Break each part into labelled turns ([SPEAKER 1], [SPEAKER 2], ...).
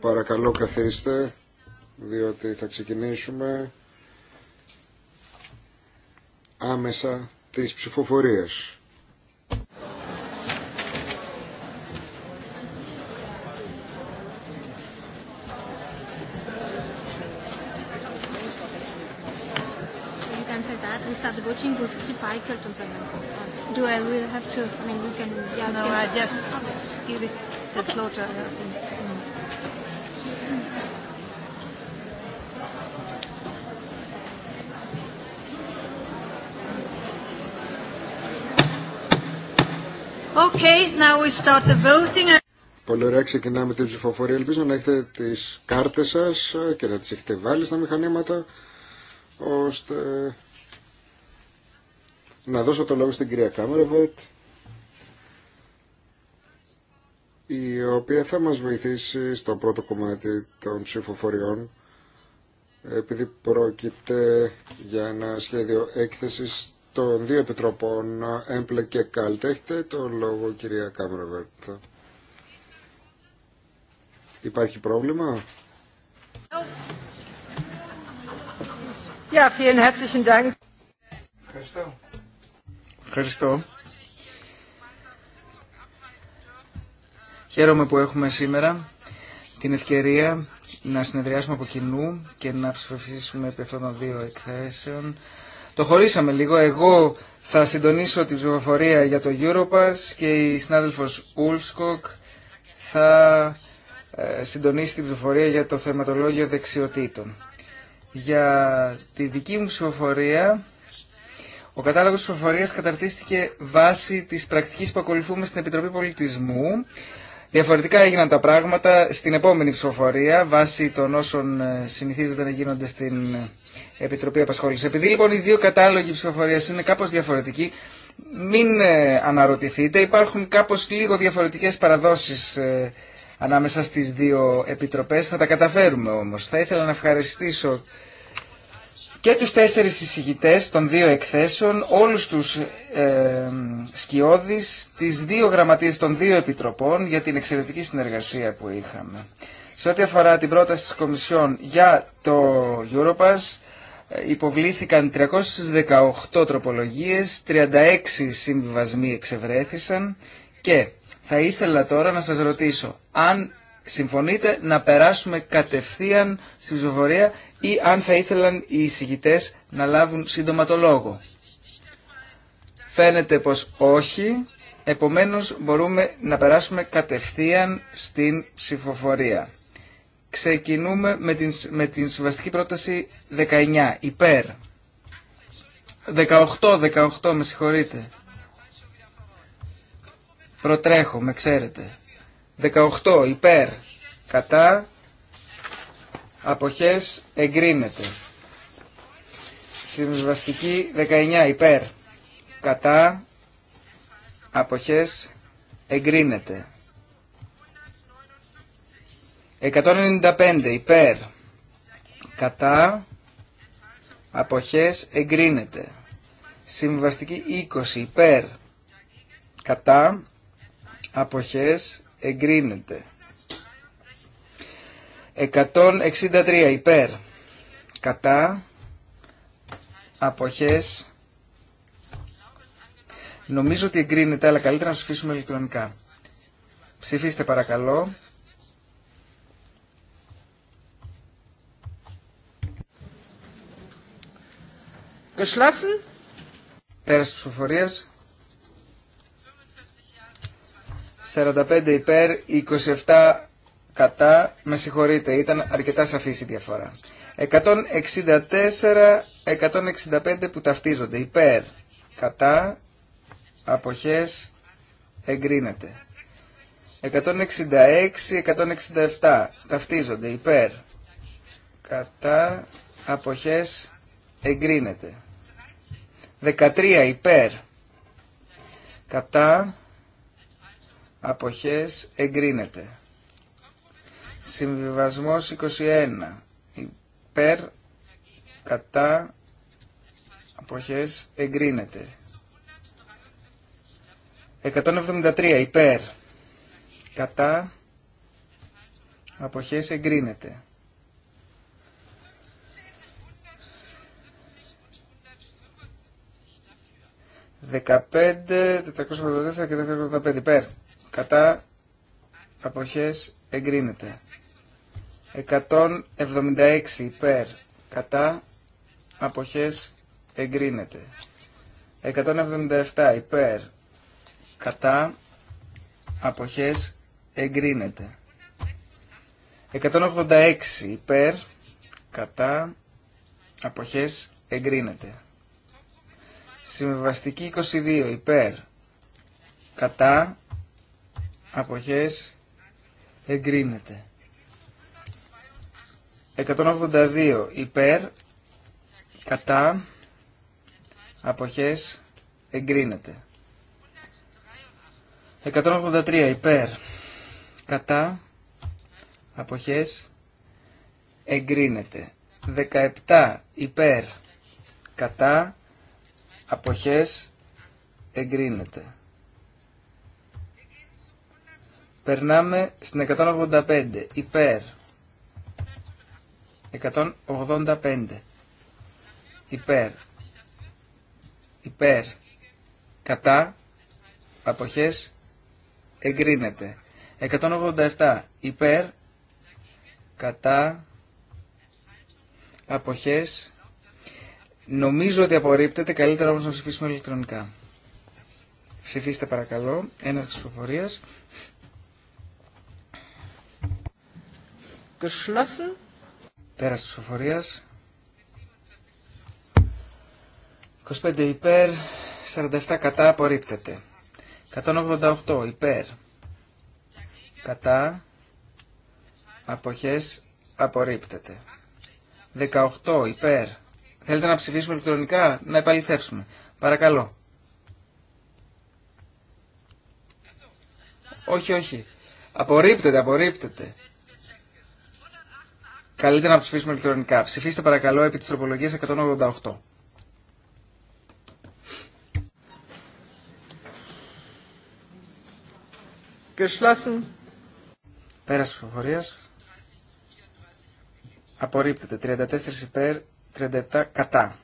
[SPEAKER 1] Παρακαλώ καθίστε, διότι θα ξεκινήσουμε άμεσα τις ψηφοφορίες.
[SPEAKER 2] start watching with if I can't implement. Do
[SPEAKER 3] I will have to? I mean, we can. Yeah, no, I just give it the floor to her.
[SPEAKER 2] Okay, now we start the voting.
[SPEAKER 1] Πολύ ωραία, ξεκινάμε την ψηφοφορία. Ελπίζω να έχετε τις κάρτες σας και να τις έχετε βάλει στα μηχανήματα, ώστε να δώσω το λόγο στην κυρία Κάμερεβερτ η οποία θα μας βοηθήσει στο πρώτο κομμάτι των ψηφοφοριών επειδή πρόκειται για ένα σχέδιο έκθεσης των δύο επιτροπών έμπλε και ΚΑΛΤ. Έχετε το λόγο κυρία Κάμερεβερτ. Υπάρχει πρόβλημα?
[SPEAKER 4] Ja, vielen herzlichen Dank. Ευχαριστώ. Ευχαριστώ. Χαίρομαι που έχουμε σήμερα την ευκαιρία να συνεδριάσουμε από κοινού και να ψηφίσουμε επί αυτών των δύο εκθέσεων. Το χωρίσαμε λίγο. Εγώ θα συντονίσω την ψηφοφορία για το Europass και η συνάδελφος Ουλσκοκ θα ε, συντονίσει την ψηφοφορία για το θεματολόγιο δεξιοτήτων. Για τη δική μου ψηφοφορία ο κατάλογος ψηφοφορία καταρτίστηκε βάσει της πρακτικής που ακολουθούμε στην Επιτροπή Πολιτισμού. Διαφορετικά έγιναν τα πράγματα στην επόμενη ψηφοφορία βάσει των όσων ε, συνηθίζεται να γίνονται στην Επιτροπή Απασχόληση. Επειδή λοιπόν οι δύο κατάλογοι ψηφοφορία είναι κάπω διαφορετικοί, μην ε, αναρωτηθείτε. Υπάρχουν κάπω λίγο διαφορετικέ παραδόσει ε, ανάμεσα στι δύο επιτροπέ. Θα τα καταφέρουμε όμω. Θα ήθελα να ευχαριστήσω και τους τέσσερις εισηγητές των δύο εκθέσεων, όλους τους ε, σκιώδεις, τις δύο γραμματείες των δύο επιτροπών για την εξαιρετική συνεργασία που είχαμε. Σε ό,τι αφορά την πρόταση της Κομισιόν για το Europass, ε, υποβλήθηκαν 318 τροπολογίες, 36 συμβιβασμοί εξευρέθησαν και θα ήθελα τώρα να σας ρωτήσω αν συμφωνείτε να περάσουμε κατευθείαν στη ψηφοφορία ή αν θα ήθελαν οι εισηγητές να λάβουν σύντομα το λόγο. Φαίνεται πως όχι, επομένως μπορούμε να περάσουμε κατευθείαν στην ψηφοφορία. Ξεκινούμε με την, με την συμβαστική πρόταση 19, υπέρ. 18, 18, με συγχωρείτε. Προτρέχω, ξέρετε. 18, υπέρ. Κατά, αποχές εγκρίνεται. Συμβαστική 19 υπέρ κατά αποχές εγκρίνεται. 195 υπέρ κατά αποχές εγκρίνεται. Συμβαστική 20 υπέρ κατά αποχές εγκρίνεται. 163 υπέρ κατά αποχές νομίζω ότι εγκρίνεται αλλά καλύτερα να ψηφίσουμε ηλεκτρονικά ψηφίστε παρακαλώ Geschlossen. Πέρας της ψηφοφορίας. 45 υπέρ, 27 κατά, με συγχωρείτε, ήταν αρκετά σαφής η διαφορά. 164-165 που ταυτίζονται, υπέρ, κατά, αποχές, εγκρίνεται. 166-167 ταυτίζονται, υπέρ, κατά, αποχές, εγκρίνεται. 13 υπέρ, κατά, αποχές, εγκρίνεται. Συμβιβασμός 21. Υπέρ, κατά, αποχές, εγκρίνεται. 173. Υπέρ, κατά, αποχές, εγκρίνεται. 15, 484 και 485 υπέρ. Κατά αποχές εγκρίνεται. 176 υπέρ κατά αποχές εγκρίνεται. 177 υπέρ κατά αποχές εγκρίνεται. 186 υπέρ κατά αποχές εγκρίνεται. Συμβαστική 22 υπέρ κατά αποχές εγκρίνεται. 182 υπέρ, κατά, αποχές, εγκρίνεται. 183 υπέρ, κατά, αποχές, εγκρίνεται. 17 υπέρ, κατά, αποχές, εγκρίνεται. Περνάμε στην 185. Υπέρ. 185. Υπέρ. Υπέρ. Κατά. Αποχές. Εγκρίνεται. 187. Υπέρ. Κατά. Αποχές. Νομίζω ότι απορρίπτεται. Καλύτερα όμως να ψηφίσουμε ηλεκτρονικά. Ψηφίστε παρακαλώ. Έναρξη ψηφοφορίας. Geschlossen. Πέρας της ψηφοφορίας. 25 υπέρ, 47 κατά απορρίπτεται. 188 υπέρ, κατά, αποχές απορρίπτεται. 18 υπέρ. Θέλετε να ψηφίσουμε ηλεκτρονικά, να επαληθεύσουμε. Παρακαλώ. Όχι, όχι. Απορρίπτεται, απορρίπτεται. Καλύτερα να ψηφίσουμε ηλεκτρονικά. Ψηφίστε παρακαλώ επί της τροπολογίας 188. Geschlossen. Πέρας ψηφοφορίας. Απορρίπτεται. 34 υπέρ, 37 κατά.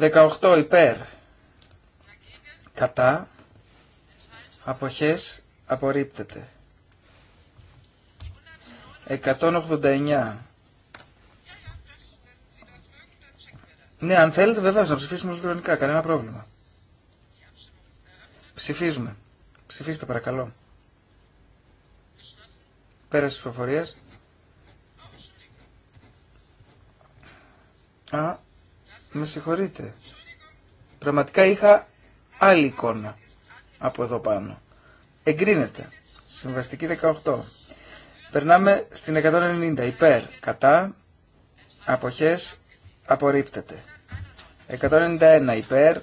[SPEAKER 4] 18 υπέρ. Κατά. Αποχές απορρίπτεται. 189. Ναι, αν θέλετε βεβαίως να ψηφίσουμε ηλεκτρονικά, κανένα πρόβλημα. Ψηφίζουμε. Ψηφίστε παρακαλώ. Πέρασε τις προφορίες. Α, με συγχωρείτε. Πραγματικά είχα άλλη εικόνα από εδώ πάνω. Εγκρίνεται. Συμβαστική 18. Περνάμε στην 190. Υπέρ. Κατά. Αποχές. Απορρίπτεται. 191. Υπέρ.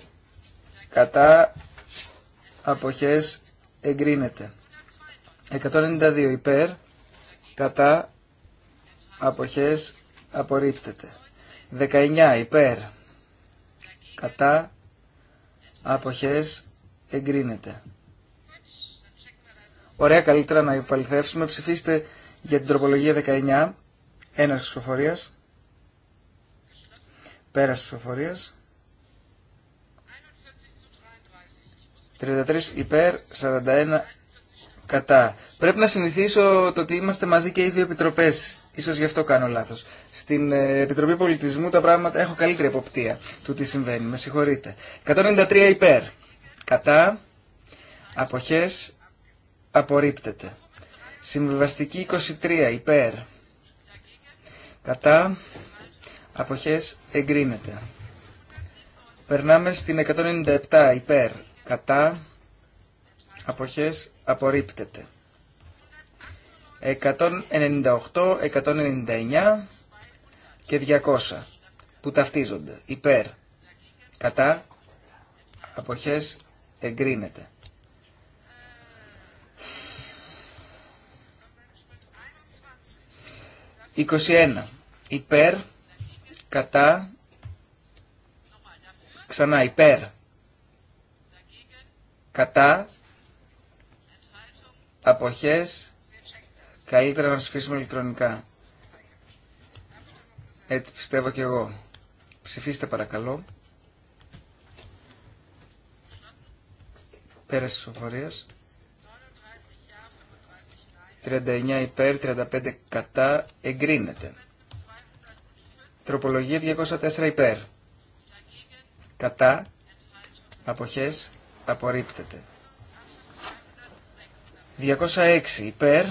[SPEAKER 4] Κατά. Αποχές. Εγκρίνεται. 192. Υπέρ. Κατά. Αποχές. Απορρίπτεται. 19. Υπέρ. Κατά. Αποχές. Εγκρίνεται. Ωραία, καλύτερα να υπαλληθεύσουμε. Ψηφίστε για την τροπολογία 19, έναρξη ψηφοφορία. Πέραση ψηφοφορία. 33 υπέρ, 41 κατά. Πρέπει να συνηθίσω το ότι είμαστε μαζί και οι δύο επιτροπέ. Ίσως γι' αυτό κάνω λάθος. Στην ε, Επιτροπή Πολιτισμού τα πράγματα έχω καλύτερη εποπτεία του τι συμβαίνει. Με συγχωρείτε. 193 υπέρ. Κατά. Αποχές. Απορρίπτεται. Συμβιβαστική 23 υπέρ. Κατά αποχές εγκρίνεται. Περνάμε στην 197 υπέρ. Κατά αποχές απορρίπτεται. 198, 199 και 200 που ταυτίζονται υπέρ. Κατά αποχές εγκρίνεται. 21. Υπέρ, κατά, ξανά υπέρ, κατά, αποχές, καλύτερα να ψηφίσουμε ηλεκτρονικά. Έτσι πιστεύω και εγώ. Ψηφίστε παρακαλώ. Πέρασε τη 39 υπέρ, 35 κατά, εγκρίνεται. Τροπολογία 204 υπέρ. Κατά, αποχές, απορρίπτεται. 206 υπέρ,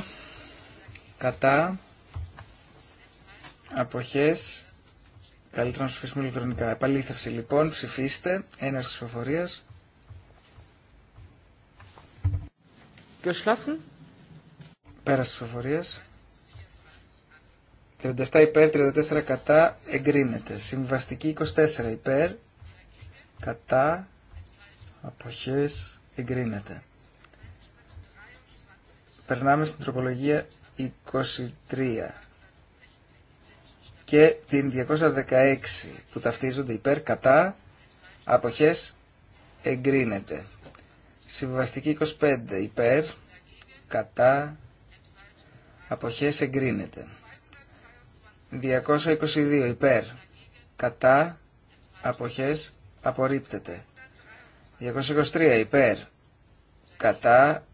[SPEAKER 4] κατά, αποχές, καλύτερα να ψηφίσουμε ηλεκτρονικά. Επαλήθευση λοιπόν, ψηφίστε, ένας ψηφοφορίας. Geschlossen. Πέραση της ψηφοφορίας. 37 υπέρ, 34 κατά, εγκρίνεται. Συμβαστική 24 υπέρ, κατά, αποχές, εγκρίνεται. Περνάμε στην τροπολογία 23 και την 216 που ταυτίζονται υπέρ, κατά, αποχές, εγκρίνεται. Συμβαστική 25 υπέρ, κατά, Αποχές εγκρίνεται. 222 υπέρ. Κατά. Αποχές απορρίπτεται. 223 υπέρ. Κατά.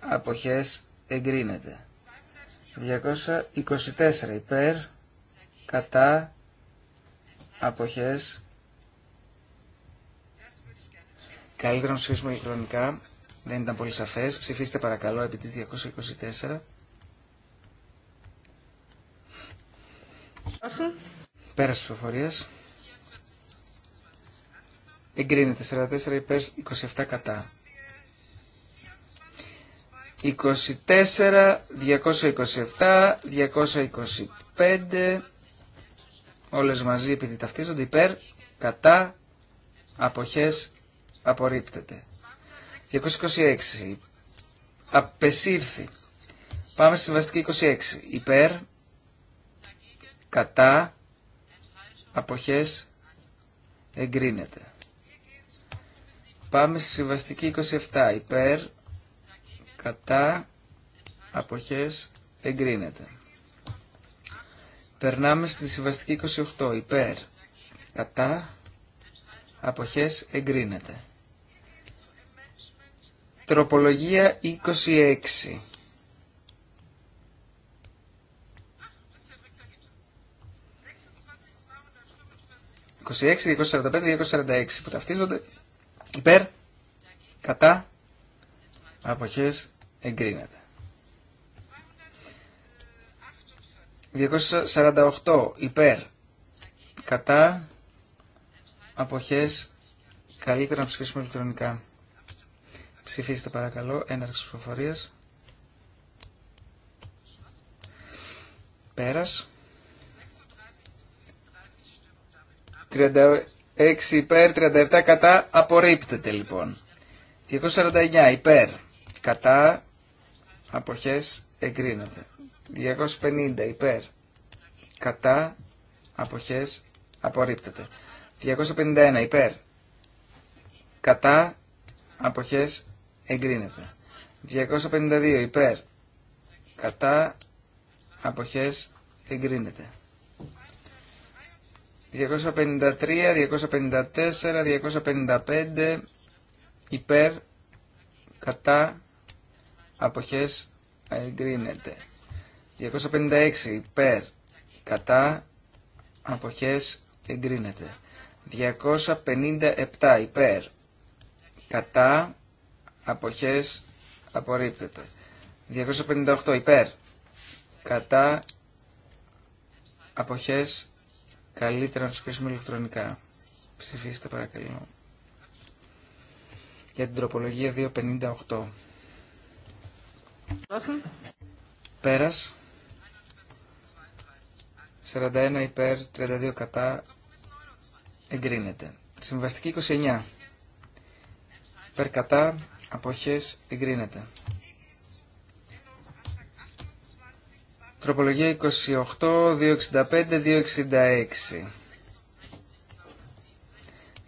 [SPEAKER 4] Αποχές εγκρίνεται. 224 υπέρ. Κατά. Αποχές. Καλύτερα να ψηφίσουμε ηλεκτρονικά. Δεν ήταν πολύ σαφές. Ψηφίστε παρακαλώ επί της 224. Πέρας της ψηφοφορίας. Εγκρίνεται 44 υπέρ 27 κατά. 24, 227, 225, όλες μαζί επειδή ταυτίζονται υπέρ, κατά, αποχές, απορρίπτεται. 226, απεσύρθη. Πάμε στη συμβαστική 26, υπέρ, κατά, αποχές, εγκρίνεται. Πάμε στη συμβαστική 27. Υπέρ, κατά, αποχές, εγκρίνεται. Περνάμε στη συμβαστική 28. Υπέρ, κατά, αποχές, εγκρίνεται. Τροπολογία 26. 246, 245, 246 που ταυτίζονται υπέρ, κατά, αποχές εγκρίνεται. 248 υπέρ, κατά, αποχές καλύτερα να ψηφίσουμε ηλεκτρονικά. Ψηφίστε παρακαλώ, έναρξη ψηφοφορίας. Πέρας. 36 υπέρ, 37 κατά, απορρίπτεται λοιπόν. 249 υπέρ, κατά, αποχές, εγκρίνεται. 250 υπέρ, κατά, αποχές, απορρίπτεται. 251 υπέρ, κατά, αποχές, εγκρίνεται. 252 υπέρ, κατά, αποχές, εγκρίνεται. 253, 254, 255 υπέρ, κατά, αποχές, εγκρίνεται. 256 υπέρ, κατά, αποχές, εγκρίνεται. 257 υπέρ, κατά, αποχές, απορρίπτεται. 258 υπέρ, κατά, αποχές, Καλύτερα να ψηφίσουμε ηλεκτρονικά. Ψηφίστε παρακαλώ. Για την τροπολογία 258. Πέρας. 41 υπέρ, 32 κατά. Εγκρίνεται. Συμβαστική 29. Περκατά κατά, αποχές, εγκρίνεται. Τροπολογία 28, 265, 266.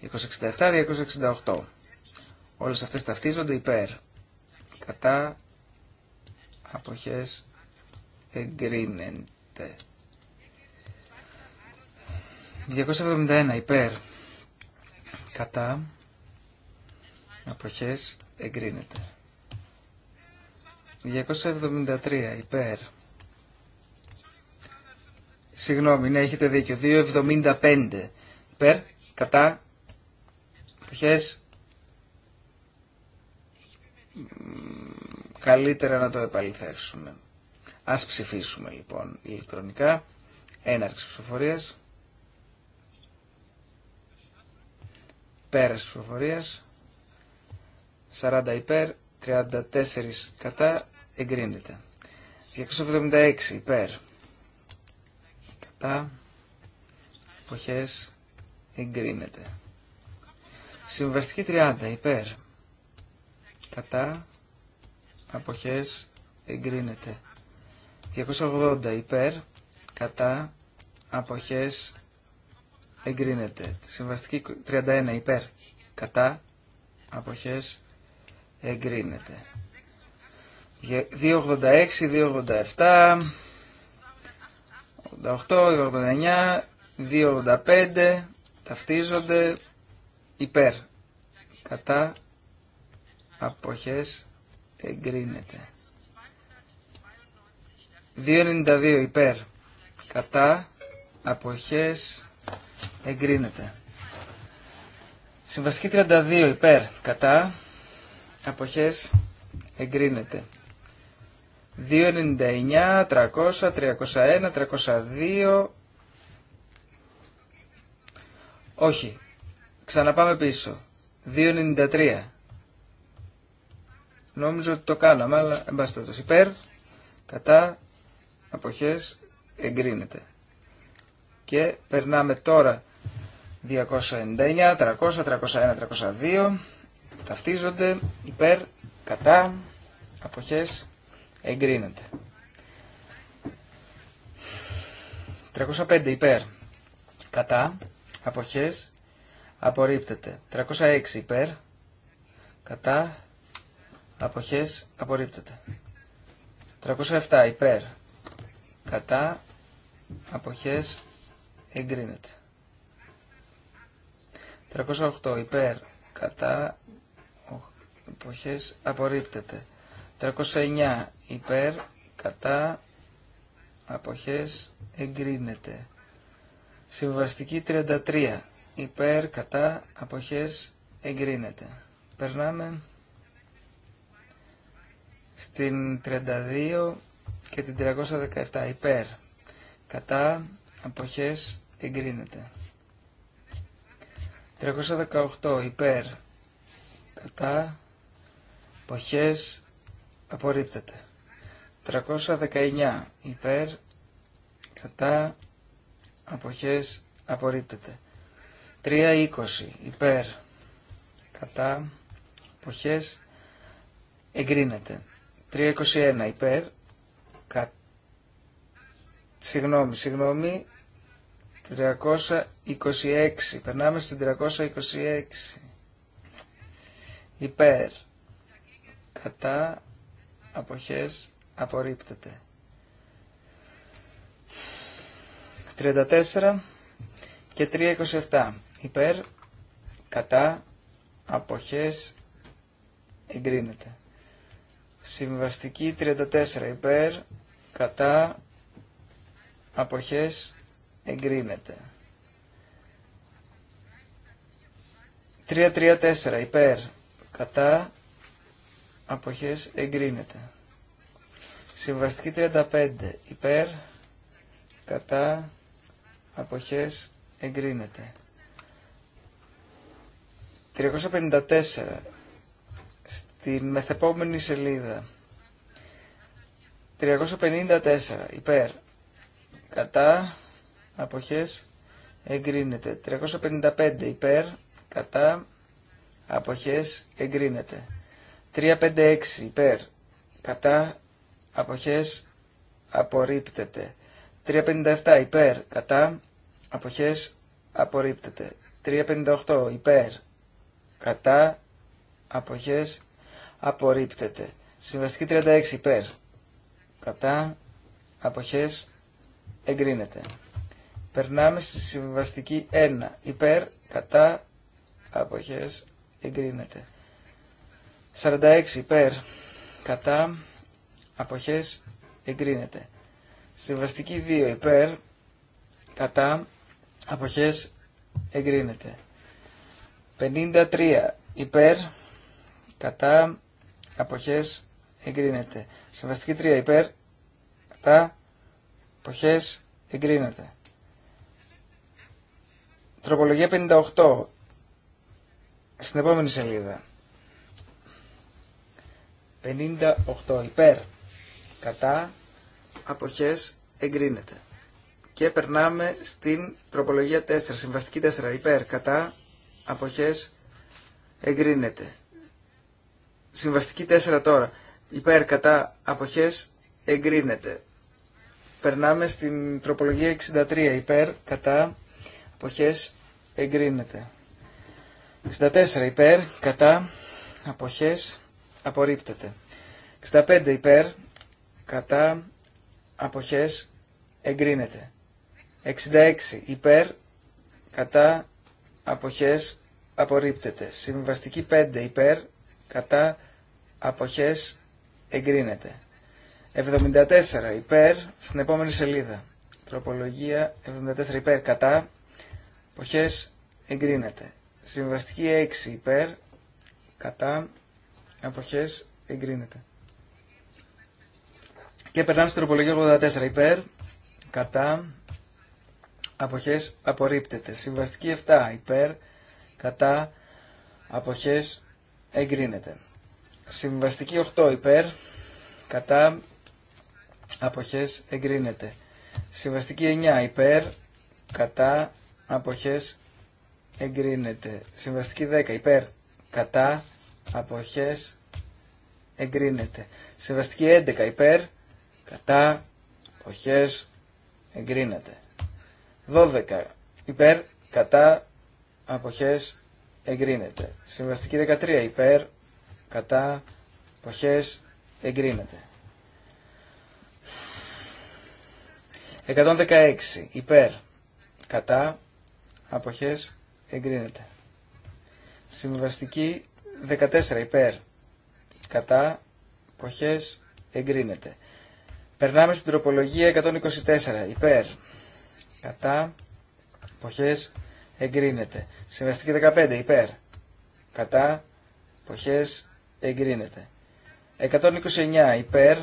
[SPEAKER 4] 267, 268. Όλες αυτές ταυτίζονται υπέρ. Κατά αποχές εγκρίνεται. 271 υπέρ. Κατά αποχές εγκρίνεται. 273 υπέρ Συγγνώμη, ναι, έχετε δίκιο. 2,75. Περ, κατά, ποιες. Καλύτερα να το επαληθεύσουμε. Ας ψηφίσουμε λοιπόν ηλεκτρονικά. Έναρξη ψηφοφορίας. Πέρας ψηφοφορίας. 40 υπέρ, 34 κατά, εγκρίνεται. 276 υπέρ, κατά εποχές εγκρίνεται. Συμβαστική 30 υπέρ κατά αποχές εγκρίνεται. 280 υπέρ κατά αποχές εγκρίνεται. Συμβαστική 31 υπέρ κατά αποχές εγκρίνεται. 286, 287 288, 289, 285 ταυτίζονται υπέρ. Κατά αποχές εγκρίνεται. 292 υπέρ. Κατά αποχές εγκρίνεται. Συμβαστική 32 υπέρ. Κατά αποχές εγκρίνεται. 299, 300, 301, 302. Όχι. Ξαναπάμε πίσω. 293. Νόμιζα ότι το κάναμε, αλλά εν πάση περιπτώσει. Υπέρ, κατά, αποχές, εγκρίνεται. Και περνάμε τώρα 299, 300, 301, 302. Ταυτίζονται υπέρ, κατά, αποχές, Εγκρίνεται. 305 υπέρ. Κατά. Αποχές. Απορρίπτεται. 306 υπέρ. Κατά. Αποχές. Απορρίπτεται. 307 υπέρ. Κατά. Αποχές. Εγκρίνεται. 308 υπέρ. Κατά. Αποχές. Απορρίπτεται. 309 υπέρ, κατά, αποχές, εγκρίνεται. Συμβαστική 33, υπέρ, κατά, αποχές, εγκρίνεται. Περνάμε στην 32 και την 317, υπέρ, κατά, αποχές, εγκρίνεται. 318 υπέρ κατά αποχές απορρίπτεται. 319 υπέρ κατά αποχές απορρίπτεται. 320 υπέρ κατά αποχές εγκρίνεται. 321 υπέρ κα... Συγγνώμη, συγγνώμη. 326. Περνάμε στην 326. Υπέρ. Κατά. Αποχές απορρίπτεται. 34 και 327 υπέρ, κατά, αποχές, εγκρίνεται. Συμβαστική 34 υπέρ, κατά, αποχές, εγκρίνεται. 334 υπέρ, κατά, αποχές, εγκρίνεται. Συμβαστική 35. Υπέρ, κατά, αποχές, εγκρίνεται. 354. Στην μεθεπόμενη σελίδα. 354. Υπέρ, κατά, αποχές, εγκρίνεται. 355. Υπέρ, κατά, αποχές, εγκρίνεται. 356. Υπέρ, κατά, αποχές απορρίπτεται. 357 υπέρ κατά αποχές απορρίπτεται. 358 υπέρ κατά αποχές απορρίπτεται. Συμβαστική 36 υπέρ κατά αποχές εγκρίνεται. Περνάμε στη συμβαστική 1 υπέρ κατά αποχές εγκρίνεται. 46 υπέρ κατά αποχές εγκρίνεται. Συμβαστική 2 υπέρ κατά αποχές εγκρίνεται. 53 υπέρ κατά αποχές εγκρίνεται. Συμβαστική 3 υπέρ κατά αποχές εγκρίνεται. Τροπολογία 58 στην επόμενη σελίδα. 58 υπέρ κατά, αποχές, εγκρίνεται. Και περνάμε στην τροπολογία 4, συμβαστική 4, υπέρ, κατά, αποχές, εγκρίνεται. Συμβαστική 4 τώρα, υπέρ, κατά, αποχές, εγκρίνεται. Περνάμε στην τροπολογία 63, υπέρ, κατά, αποχές, εγκρίνεται. 64 υπέρ, κατά, αποχές, απορρίπτεται. 65 υπέρ, κατά αποχές εγκρίνεται. 66 υπέρ κατά αποχές απορρίπτεται. Συμβαστική 5 υπέρ κατά αποχές εγκρίνεται. 74 υπέρ στην επόμενη σελίδα. Τροπολογία 74 υπέρ κατά αποχές εγκρίνεται. Συμβαστική 6 υπέρ κατά αποχές εγκρίνεται. Και περνάμε στο τροπολογία 84 υπέρ, κατά, αποχές απορρίπτεται. Συμβαστική 7 υπέρ, κατά, αποχές εγκρίνεται. Συμβαστική 8 υπέρ, κατά, αποχές εγκρίνεται. Συμβαστική 9 υπέρ, κατά, αποχές εγκρίνεται. Συμβαστική 10 υπέρ, κατά, αποχές εγκρίνεται. Συμβαστική 11 υπέρ, κατά, αποχές, εγκρίνεται. 12 υπέρ, κατά, αποχές, εγκρίνεται. Συμβαστική 13 υπέρ, κατά, αποχές, εγκρίνεται. 116 υπέρ, κατά, αποχές, εγκρίνεται. Συμβαστική 14 υπέρ, κατά, αποχές, εγκρίνεται. Περνάμε στην τροπολογία 124. Υπέρ. Κατά. Αποχές. Εγκρίνεται. Συμβαστική 15. Υπέρ. Κατά. Αποχές. Εγκρίνεται. 129. Υπέρ.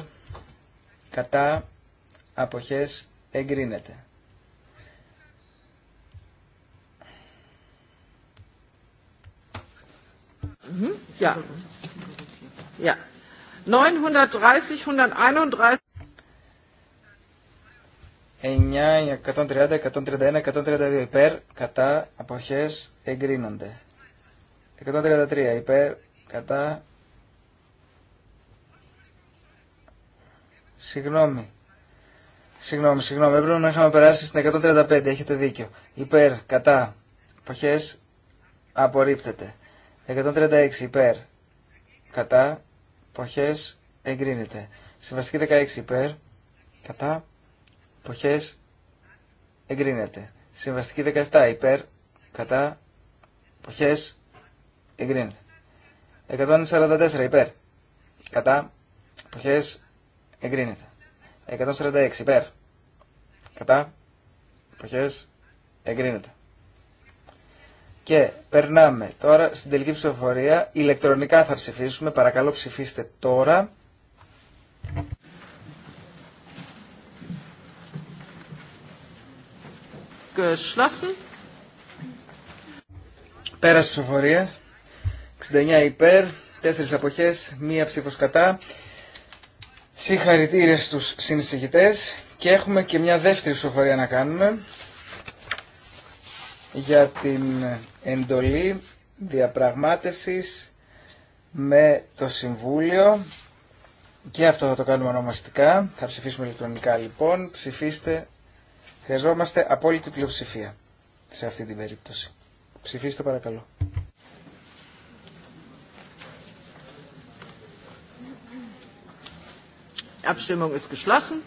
[SPEAKER 4] Κατά. Αποχές. Εγκρίνεται. 930, mhm. 131. 9, 130, 131, 132 υπέρ, κατά, αποχές, εγκρίνονται. 133 υπέρ, κατά, συγγνώμη. Συγγνώμη, συγγνώμη, έπρεπε να είχαμε περάσει στην 135, έχετε δίκιο. Υπέρ, κατά, αποχές, απορρίπτεται. 136 υπέρ, κατά, αποχές, εγκρίνεται. Συμβαστική 16 υπέρ, κατά, Αποχές. Εγκρίνεται. Συμβαστική 17. Υπέρ. Κατά. εποχέ Εγκρίνεται. 144. Υπέρ. Κατά. εποχέ Εγκρίνεται. 146. Υπέρ. Κατά. εποχέ Εγκρίνεται. Και περνάμε τώρα στην τελική ψηφοφορία. Ηλεκτρονικά θα ψηφίσουμε. Παρακαλώ ψηφίστε τώρα.
[SPEAKER 1] geschlossen.
[SPEAKER 4] Πέρας ψηφοφορίας. 69 υπέρ, 4 αποχές, μία ψήφος κατά. Συγχαρητήρια στους συνεισηγητές και έχουμε και μια δεύτερη ψηφοφορία να κάνουμε για την εντολή διαπραγμάτευσης με το Συμβούλιο και αυτό θα το κάνουμε ονομαστικά. Θα ψηφίσουμε ηλεκτρονικά λοιπόν. Ψηφίστε Χρειαζόμαστε απόλυτη πλειοψηφία σε αυτή την περίπτωση. Ψηφίστε παρακαλώ. Abstimmung ist geschlossen.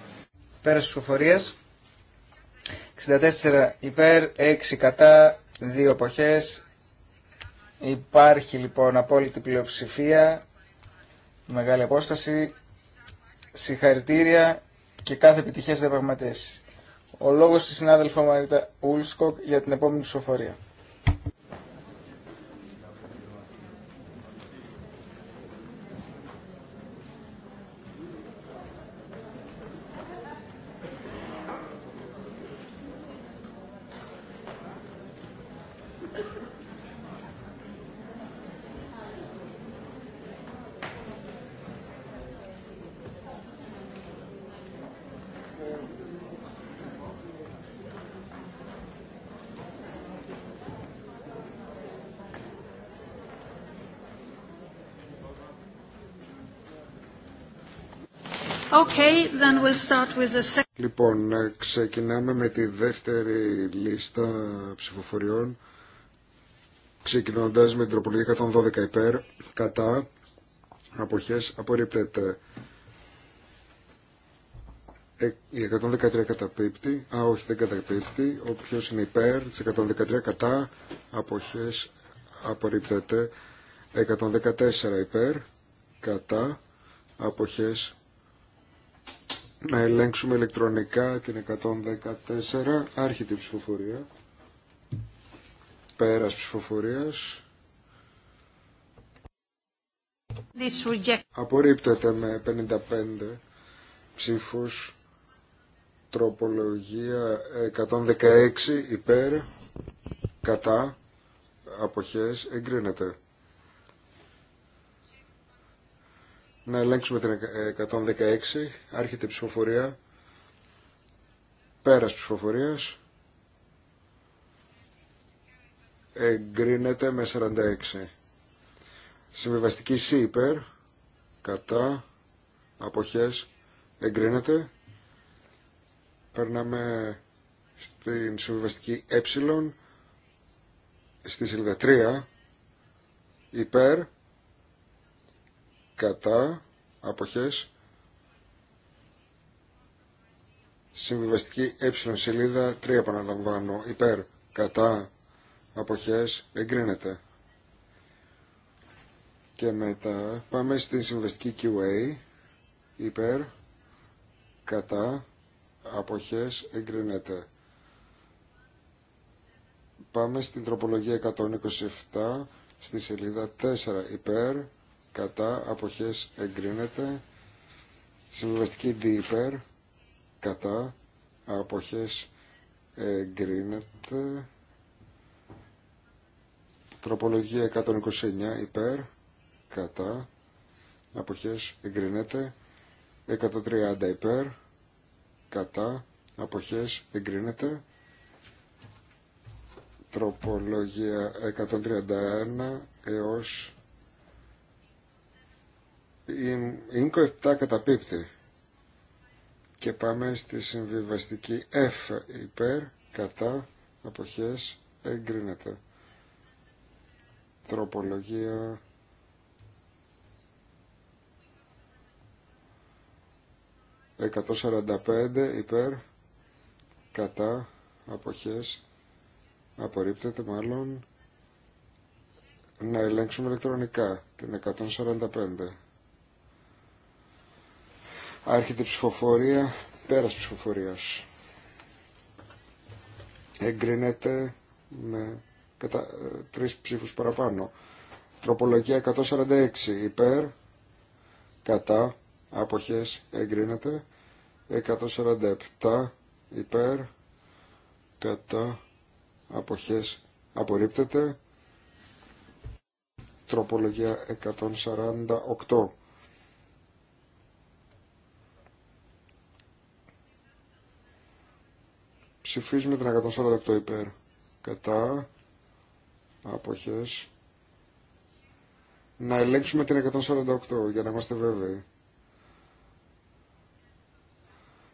[SPEAKER 4] 64 υπέρ, 6 κατά, 2 εποχές. Υπάρχει λοιπόν απόλυτη πλειοψηφία, μεγάλη απόσταση, συγχαρητήρια και κάθε επιτυχία σε διαπραγματεύσει ο λόγος στη συνάδελφο Μαρίτα Ούλσκοκ για την επόμενη ψηφοφορία.
[SPEAKER 1] Λοιπόν, ε, ξεκινάμε με τη δεύτερη λίστα ψηφοφοριών, ξεκινώντας με την τροπολογία 112 υπέρ, κατά, αποχές, απορρίπτεται. Ε, η 113 καταπίπτει, α όχι δεν καταπίπτει, όποιος είναι υπέρ της 113 κατά, αποχές, απορρίπτεται. 114 υπέρ, κατά, αποχές, να ελέγξουμε ηλεκτρονικά την 114 άρχιτη ψηφοφορία πέρας ψηφοφορίας απορρίπτεται με 55 ψήφους τροπολογία 116 υπέρ κατά αποχές εγκρίνεται Να ελέγξουμε την 116. Άρχεται η ψηφοφορία. Πέρας ψηφοφορίας. Εγκρίνεται με 46. Συμβιβαστική C υπέρ. Κατά. Αποχές. Εγκρίνεται. Περνάμε στην συμβιβαστική ε. Στη σελίδα 3. Υπέρ κατά αποχές συμβιβαστική ε σελίδα 3 επαναλαμβάνω υπέρ κατά αποχές εγκρίνεται και μετά πάμε στην συμβιβαστική QA υπέρ κατά αποχές εγκρίνεται πάμε στην τροπολογία 127 στη σελίδα 4 υπέρ κατά αποχές εγκρίνεται συμβιβαστική D υπέρ κατά αποχές εγκρίνεται τροπολογία 129 υπέρ κατά αποχές εγκρίνεται 130 υπέρ κατά αποχές εγκρίνεται τροπολογία 131 έως η ΙΝΚΟ 7 καταπίπτει. Και πάμε στη συμβιβαστική F υπέρ, κατά, αποχές, εγκρίνεται. Τροπολογία... ...145 υπέρ, κατά, αποχές, απορρίπτεται μάλλον... ...να ελέγξουμε ηλεκτρονικά την 145. Άρχεται η ψηφοφορία, πέρας ψηφοφορίας. Εγκρίνεται με κατά, τρεις ψήφους παραπάνω. Τροπολογία 146 υπέρ, κατά, αποχές, εγκρίνεται. 147 υπέρ, κατά, αποχές, απορρίπτεται. Τροπολογία 148 Ψηφίζουμε την 148 υπέρ. Κατά. Αποχές. Να ελέγξουμε την 148 για να είμαστε βέβαιοι.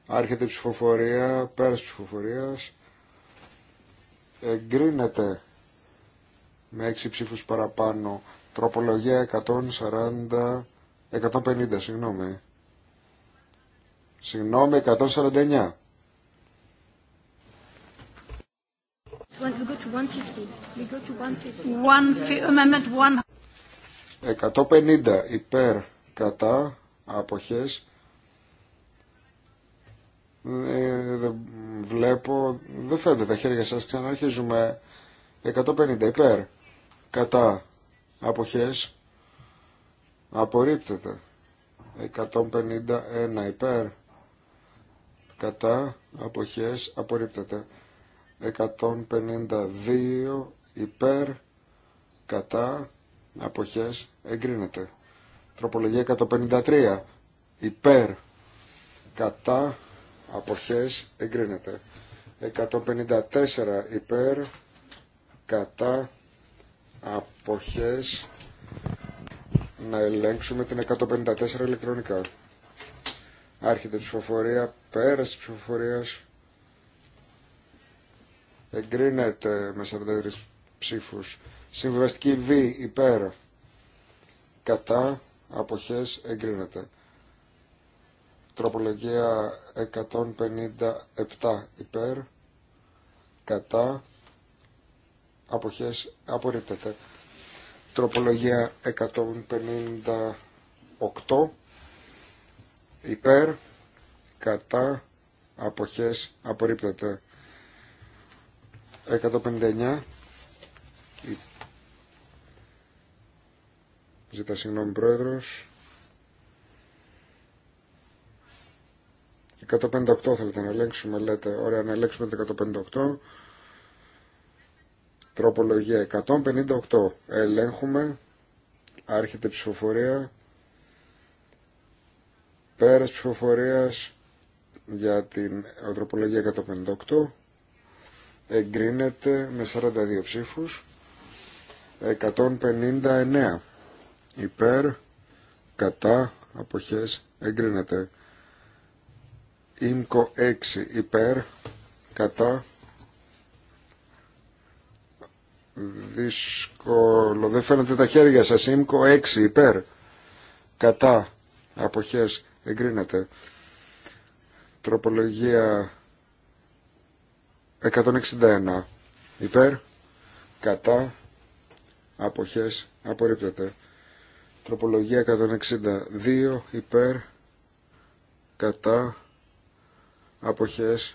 [SPEAKER 1] Άρχεται η ψηφοφορία, πέρας ψηφοφορίας. Εγκρίνεται με 6 ψήφους παραπάνω. Τροπολογία 140, 150, συγγνώμη. Συγγνώμη, 149. 150. υπέρ κατά αποχές ε, δεν βλέπω δεν φαίνεται τα χέρια σας ξαναρχίζουμε 150 υπέρ κατά αποχές απορρίπτεται 151 υπέρ κατά αποχές απορρίπτεται 152 υπέρ κατά αποχές εγκρίνεται. Τροπολογία 153 υπέρ κατά αποχές εγκρίνεται. 154 υπέρ κατά αποχές να ελέγξουμε την 154 ηλεκτρονικά. Άρχεται ψηφοφορία, πέραση ψηφοφορίας. Εγκρίνεται με 43 ψήφους. Συμβιβαστική Β υπέρ. Κατά αποχές εγκρίνεται. Τροπολογία 157 υπέρ. Κατά αποχές απορρίπτεται. Τροπολογία 158 υπέρ. Κατά αποχές απορρίπτεται. 159. Ζητά συγγνώμη πρόεδρος. 158 θέλετε να ελέγξουμε, λέτε. Ωραία, να ελέγξουμε το 158. Τροπολογία 158. Ελέγχουμε. Άρχεται ψηφοφορία. Πέρας ψηφοφορίας για την τροπολογία 158 εγκρίνεται με 42 ψήφους 159 υπέρ κατά αποχές εγκρίνεται ΙΜΚΟ 6 υπέρ κατά δύσκολο δεν φαίνονται τα χέρια σας ΙΜΚΟ 6 υπέρ κατά αποχές εγκρίνεται τροπολογία 161 υπέρ, κατά, αποχές, απορρίπτεται. Τροπολογία 162 υπέρ, κατά, αποχές.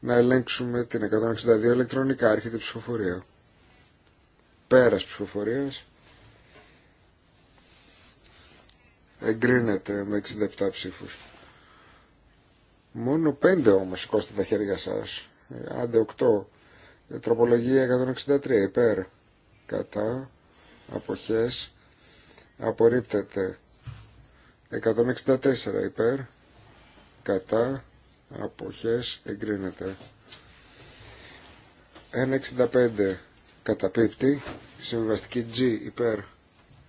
[SPEAKER 1] Να ελέγξουμε την 162 ηλεκτρονικά, άρχιδη ψηφοφορία. Πέρας ψηφοφορίας. Εγκρίνεται με 67 ψήφους. Μόνο πέντε όμως σηκώστε τα χέρια σας. Άντε οκτώ. Τροπολογία 163 υπέρ. Κατά. Αποχές. Απορρίπτεται. 164 υπέρ. Κατά. Αποχές. Εγκρίνεται. 1.65 καταπίπτει. Συμβιβαστική G υπέρ.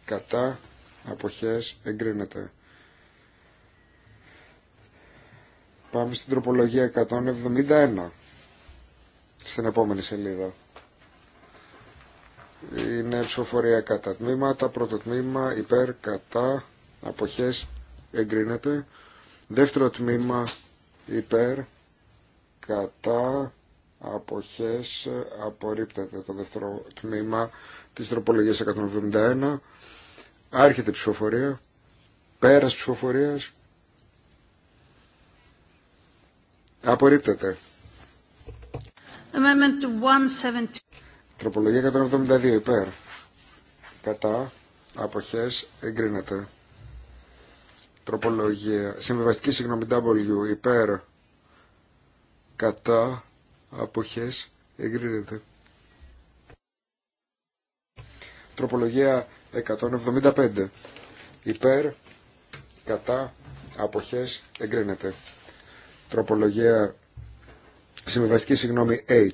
[SPEAKER 1] Κατά. Αποχές. Εγκρίνεται. Πάμε στην τροπολογία 171. Στην επόμενη σελίδα. Είναι ψηφοφορία κατά τμήματα. Πρώτο τμήμα υπέρ, κατά, αποχές, εγκρίνεται. Δεύτερο τμήμα υπέρ, κατά, αποχές, απορρίπτεται το δεύτερο τμήμα της τροπολογίας 171. Άρχεται ψηφοφορία, πέρας ψηφοφορίας, Απορρίπτεται. Τροπολογία 172 υπέρ. Κατά. Αποχές. Εγκρίνεται. Τροπολογία. Συμβιβαστική συγγνώμη W. Υπέρ. Κατά. Αποχές. Εγκρίνεται. Τροπολογία 175. Υπέρ. Κατά. Αποχές. Εγκρίνεται. Τροπολογία συμβιβαστική συγγνώμη H.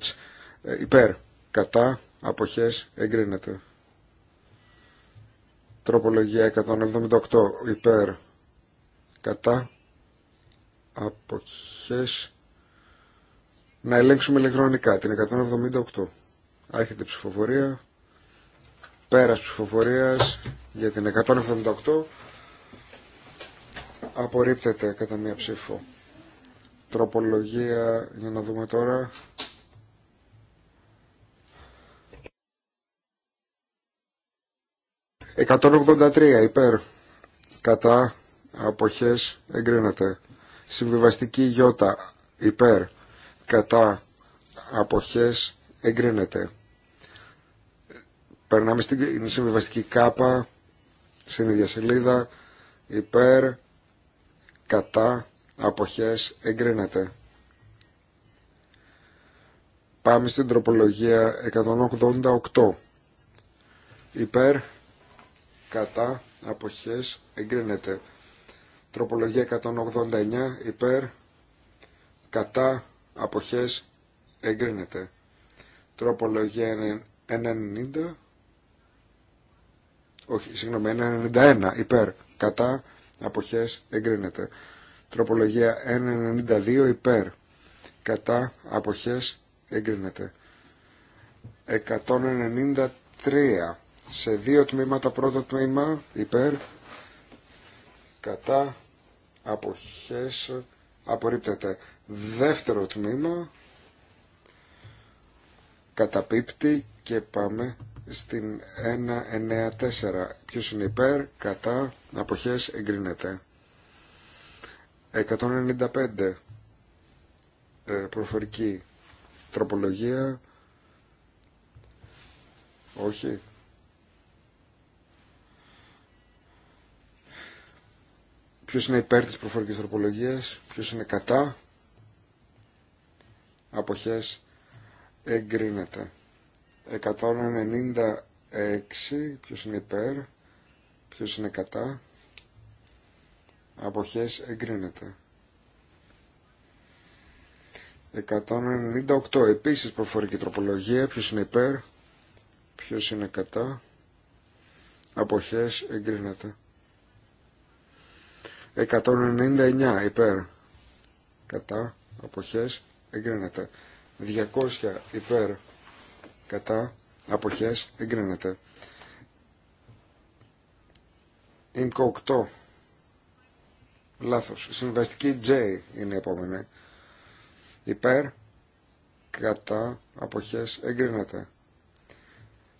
[SPEAKER 1] Ε, υπέρ. Κατά. Αποχές. Εγκρίνεται. Τροπολογία 178. Υπέρ. Κατά. Αποχές. Να ελέγξουμε ηλεκτρονικά την 178. Άρχεται η ψηφοφορία. Πέρας ψηφοφορίας για την 178. Απορρίπτεται κατά μία ψήφο. Τροπολογία, για να δούμε τώρα. «183 υπέρ, κατά, αποχές, εγκρίνεται. Συμβιβαστική γιώτα, υπέρ, κατά, αποχές, εγκρίνεται. Περνάμε στην συμβιβαστική κάπα, στην ίδια σελίδα, υπέρ, κατά, αποχές εγκρίνεται. Πάμε στην τροπολογία 188. Υπέρ, κατά, αποχές, εγκρίνεται. Τροπολογία 189, υπέρ, κατά, αποχές, εγκρίνεται. Τροπολογία 90, όχι, συγγνώμη, 91, υπέρ, κατά, αποχές, εγκρίνεται. Τροπολογία 192 υπέρ. Κατά αποχές εγκρίνεται. 193 σε δύο τμήματα πρώτο τμήμα υπέρ. Κατά αποχές απορρίπτεται. Δεύτερο τμήμα καταπίπτει και πάμε στην 194. Ποιος είναι υπέρ, κατά, αποχές, εγκρίνεται. 195 ε, προφορική τροπολογία όχι ποιος είναι υπέρ της προφορικής τροπολογίας ποιος είναι κατά αποχές εγκρίνεται 196 ποιος είναι υπέρ ποιος είναι κατά αποχές εγκρίνεται. 198 επίσης προφορική τροπολογία, ποιος είναι υπέρ, ποιος είναι κατά, αποχές εγκρίνεται. 199 υπέρ, κατά, αποχές εγκρίνεται. 200 υπέρ, κατά, αποχές εγκρίνεται. Ήμκο Λάθος. Συμβαστική J είναι η επόμενη. Υπέρ, κατά, αποχές, εγκρίνεται.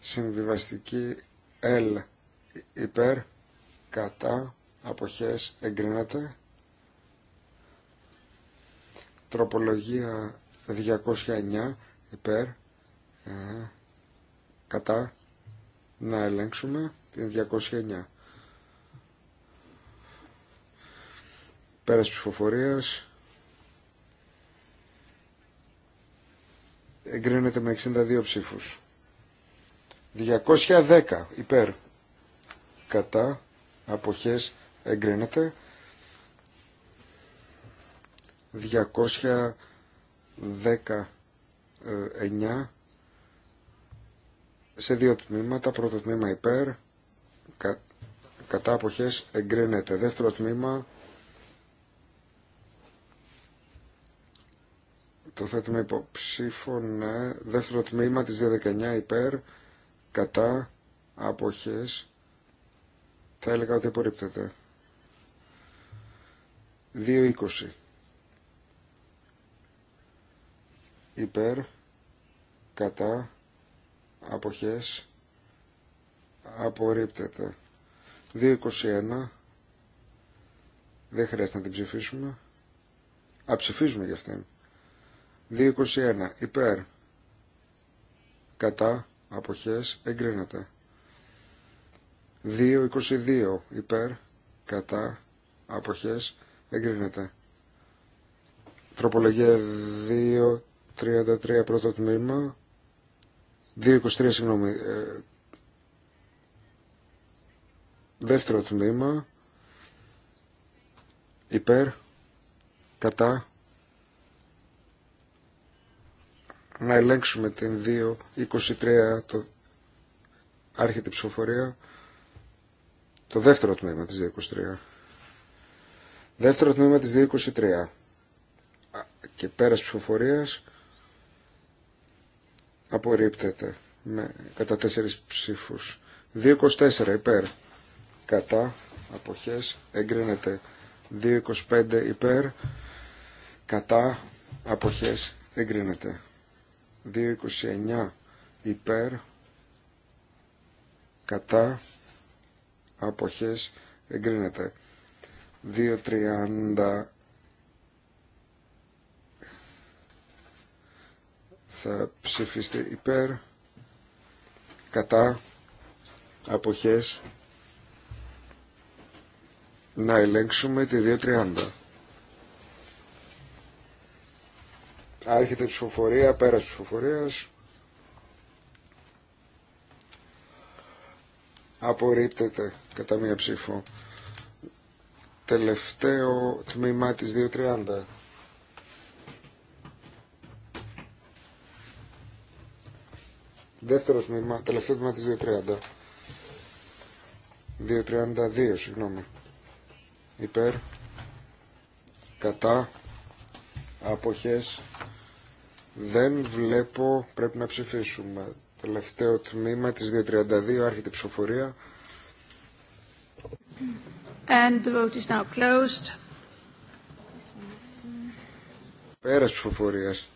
[SPEAKER 1] Συμβιβαστική L. Υπέρ, κατά, αποχές, εγκρίνεται. Τροπολογία 209. Υπέρ, ε, κατά, να ελέγξουμε την 209. Πέρας ψηφοφορίας. Εγκρίνεται με 62 ψήφους. 210 υπέρ. Κατά. Αποχές. Εγκρίνεται. 219 ε, σε δύο τμήματα. Πρώτο τμήμα υπέρ. Κα, κατά αποχές εγκρίνεται. Δεύτερο τμήμα Το θέτουμε ναι. δεύτερο τμήμα της 19 υπέρ κατά αποχές θα έλεγα ότι απορρίπτεται. 2.20 υπέρ κατά αποχές απορρίπτεται. 2.21 δεν χρειάζεται να την ψηφίσουμε. Αψηφίζουμε για αυτήν. 2.21 υπέρ κατά αποχές εγκρίνεται 2.22 υπέρ κατά αποχές εγκρίνεται τροπολογία 2.33 πρώτο τμήμα 2.23 συγγνώμη ε, δεύτερο τμήμα υπέρ κατά να ελέγξουμε την 2.23 το άρχεται ψηφοφορία το δεύτερο τμήμα της 2.23 δεύτερο τμήμα της 2.23 και πέρας ψηφοφορίας απορρίπτεται με, κατά τέσσερις ψήφους 2.24 υπέρ κατά αποχές εγκρίνεται 2.25 υπέρ κατά αποχές εγκρίνεται 229 υπέρ κατά αποχές εγκρίνεται 230 θα ψηφίστε υπέρ κατά αποχές να ελέγξουμε τη 230 Άρχεται η ψηφοφορία, πέρας ψηφοφορίας. Απορρίπτεται κατά μία ψήφο. Τελευταίο τμήμα της 2.30. Δεύτερο τμήμα, τελευταίο τμήμα της 2.30. 2.32, συγγνώμη. Υπέρ, κατά, αποχές, δεν βλέπω, πρέπει να ψηφίσουμε. Τελευταίο τμήμα της 232, άρχεται η ψηφοφορία.
[SPEAKER 2] And the vote is
[SPEAKER 1] Πέρας ψηφοφορίας.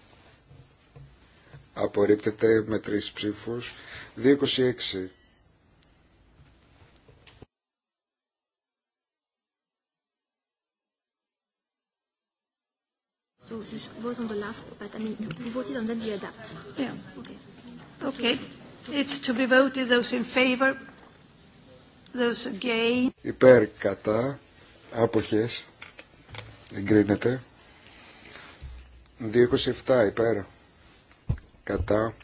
[SPEAKER 1] Απορρίπτεται με τρεις ψήφους. 226.
[SPEAKER 2] vote on the last, but I mean, you voted on that, we adapt. Yeah. Okay. Okay. It's to be voted those in favor, those against.
[SPEAKER 1] Υπέρ, κατά, άποχες, εγκρίνεται. 2.27 υπέρ, κατά,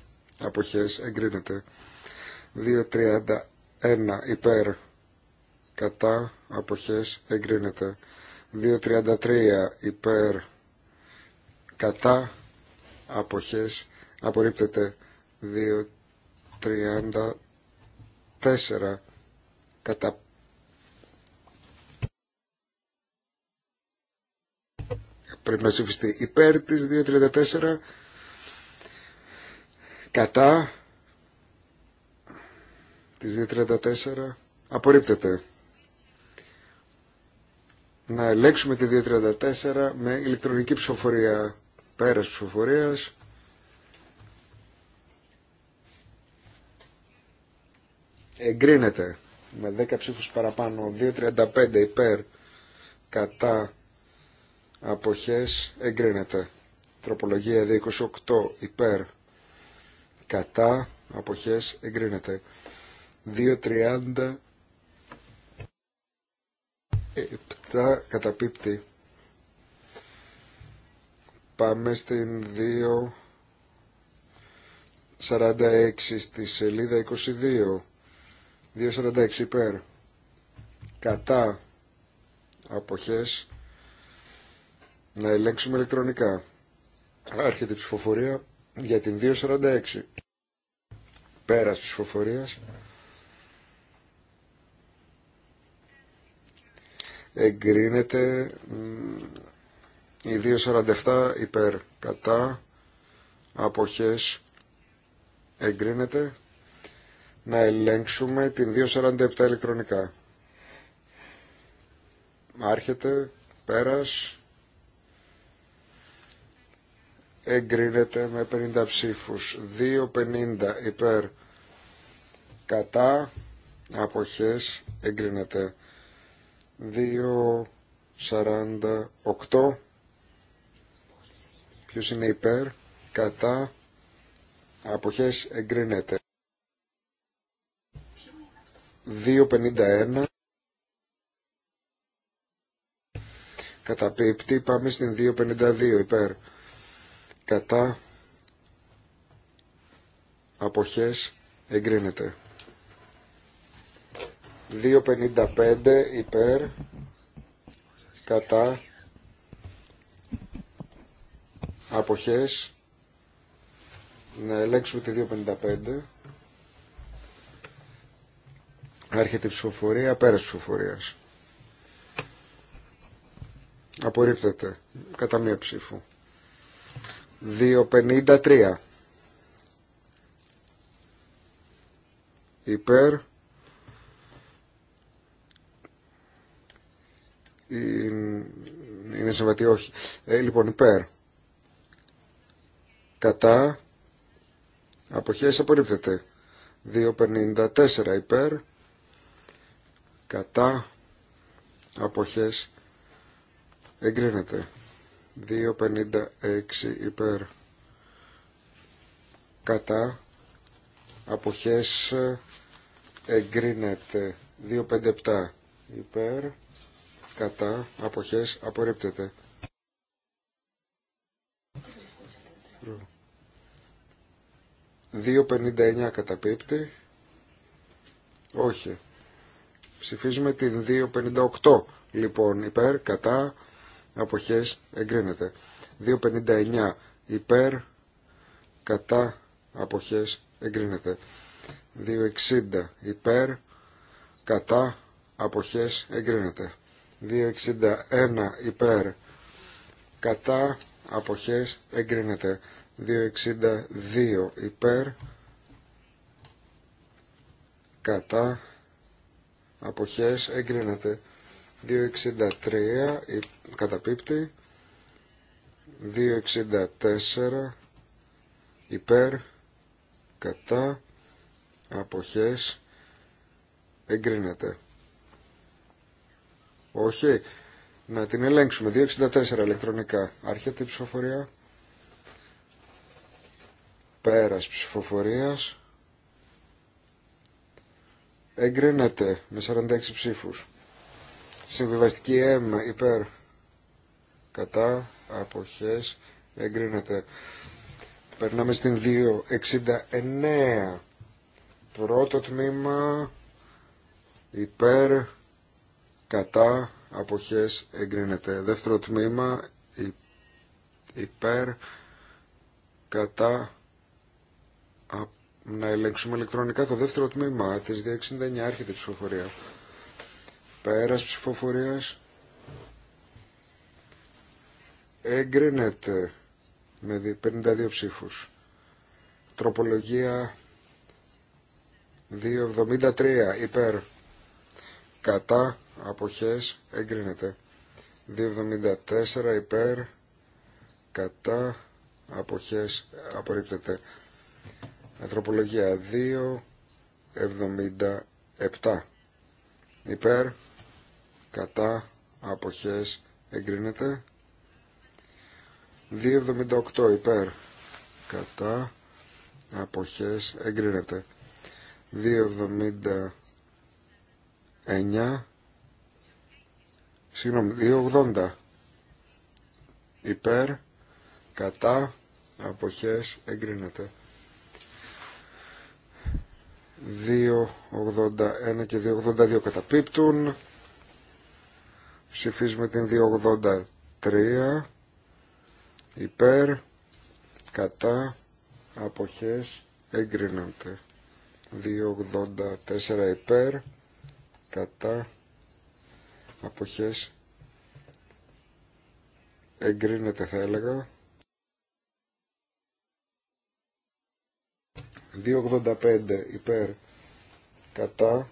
[SPEAKER 1] αποχές, εγκρίνεται. 2.31 υπέρ, κατά, αποχές, εγκρίνεται. 2.33 υπέρ, κατά αποχές απορρίπτεται 2.34 κατά πρέπει να ψηφιστεί υπέρ της 2.34 κατά της 2.34 απορρίπτεται να ελέγξουμε τη 2.34 με ηλεκτρονική ψηφοφορία Πέρας ψηφοφορίας. Εγκρίνεται με 10 ψήφους παραπάνω, 2.35 υπέρ, κατά αποχές, εγκρίνεται. Τροπολογία 2.28 υπέρ, κατά αποχές, εγκρίνεται. 2.30 κατά καταπίπτει Πάμε στην 2.46 στη σελίδα 22. 2.46 υπέρ. Κατά αποχές να ελέγξουμε ηλεκτρονικά. Άρχεται η ψηφοφορία για την 2.46. Πέρας ψηφοφορίας. Εγκρίνεται η 247 υπέρ κατά αποχές εγκρίνεται. Να ελέγξουμε την 247 ηλεκτρονικά. Άρχεται, πέρας, εγκρίνεται με 50 ψήφους. 2.50 υπέρ κατά αποχές εγκρίνεται. 2.48 Ποιος είναι υπέρ, κατά, αποχές εγκρίνεται. 2.51 Καταπίπτει, πάμε στην 2.52 υπέρ. Κατά, αποχές εγκρίνεται. 2.55 υπέρ, κατά, αποχές να ελέγξουμε τη 255 Έρχεται η ψηφοφορία πέρας ψηφοφορίας απορρίπτεται κατά μία ψήφο 253 υπέρ είναι συμβατή όχι ε, λοιπόν υπέρ κατά αποχές απορρίπτεται 2.54 υπέρ κατά αποχές εγκρίνεται 2.56 υπέρ κατά αποχές εγκρίνεται 2.57 υπέρ κατά αποχές απορρίπτεται 2.59 καταπίπτει. Όχι. Ψηφίζουμε την 2.58. Λοιπόν, υπέρ, κατά, αποχές, εγκρίνεται. 2.59 υπέρ, κατά, αποχές, εγκρίνεται. 2.60 υπέρ, κατά, αποχές, εγκρίνεται. 2.61 υπέρ, κατά, αποχές, εγκρίνεται. 262 υπέρ κατά αποχές εγκρίνεται 263 καταπίπτει 264 υπέρ κατά αποχές εγκρίνεται όχι να την ελέγξουμε 264 ηλεκτρονικά άρχεται η ψηφοφορία Πέρας ψηφοφορίας εγκρίνεται με 46 ψήφους. Συμβιβαστική M υπέρ κατά αποχές εγκρίνεται. Περνάμε στην 269. Πρώτο τμήμα υπέρ κατά αποχές εγκρίνεται. Δεύτερο τμήμα υπέρ κατά να ελέγξουμε ηλεκτρονικά το δεύτερο τμήμα της 269 άρχεται ψηφοφορία πέρα ψηφοφορία, εγκρίνεται με 52 ψήφους τροπολογία 273 υπέρ κατά αποχές εγκρίνεται 274 υπέρ κατά αποχές απορρίπτεται Ανθρωπολογία 2.77 υπέρ κατά αποχές εγκρίνεται 2.78 υπέρ κατά αποχές εγκρίνεται 2.79 συγγνώμη 2.80 υπέρ κατά αποχές εγκρίνεται 281 και 282 καταπίπτουν. Ψηφίζουμε την 283 υπέρ, κατά, αποχές, εγκρίνονται. 284 υπέρ, κατά, αποχές, εγκρίνεται θα έλεγα. 285 υπέρ κατά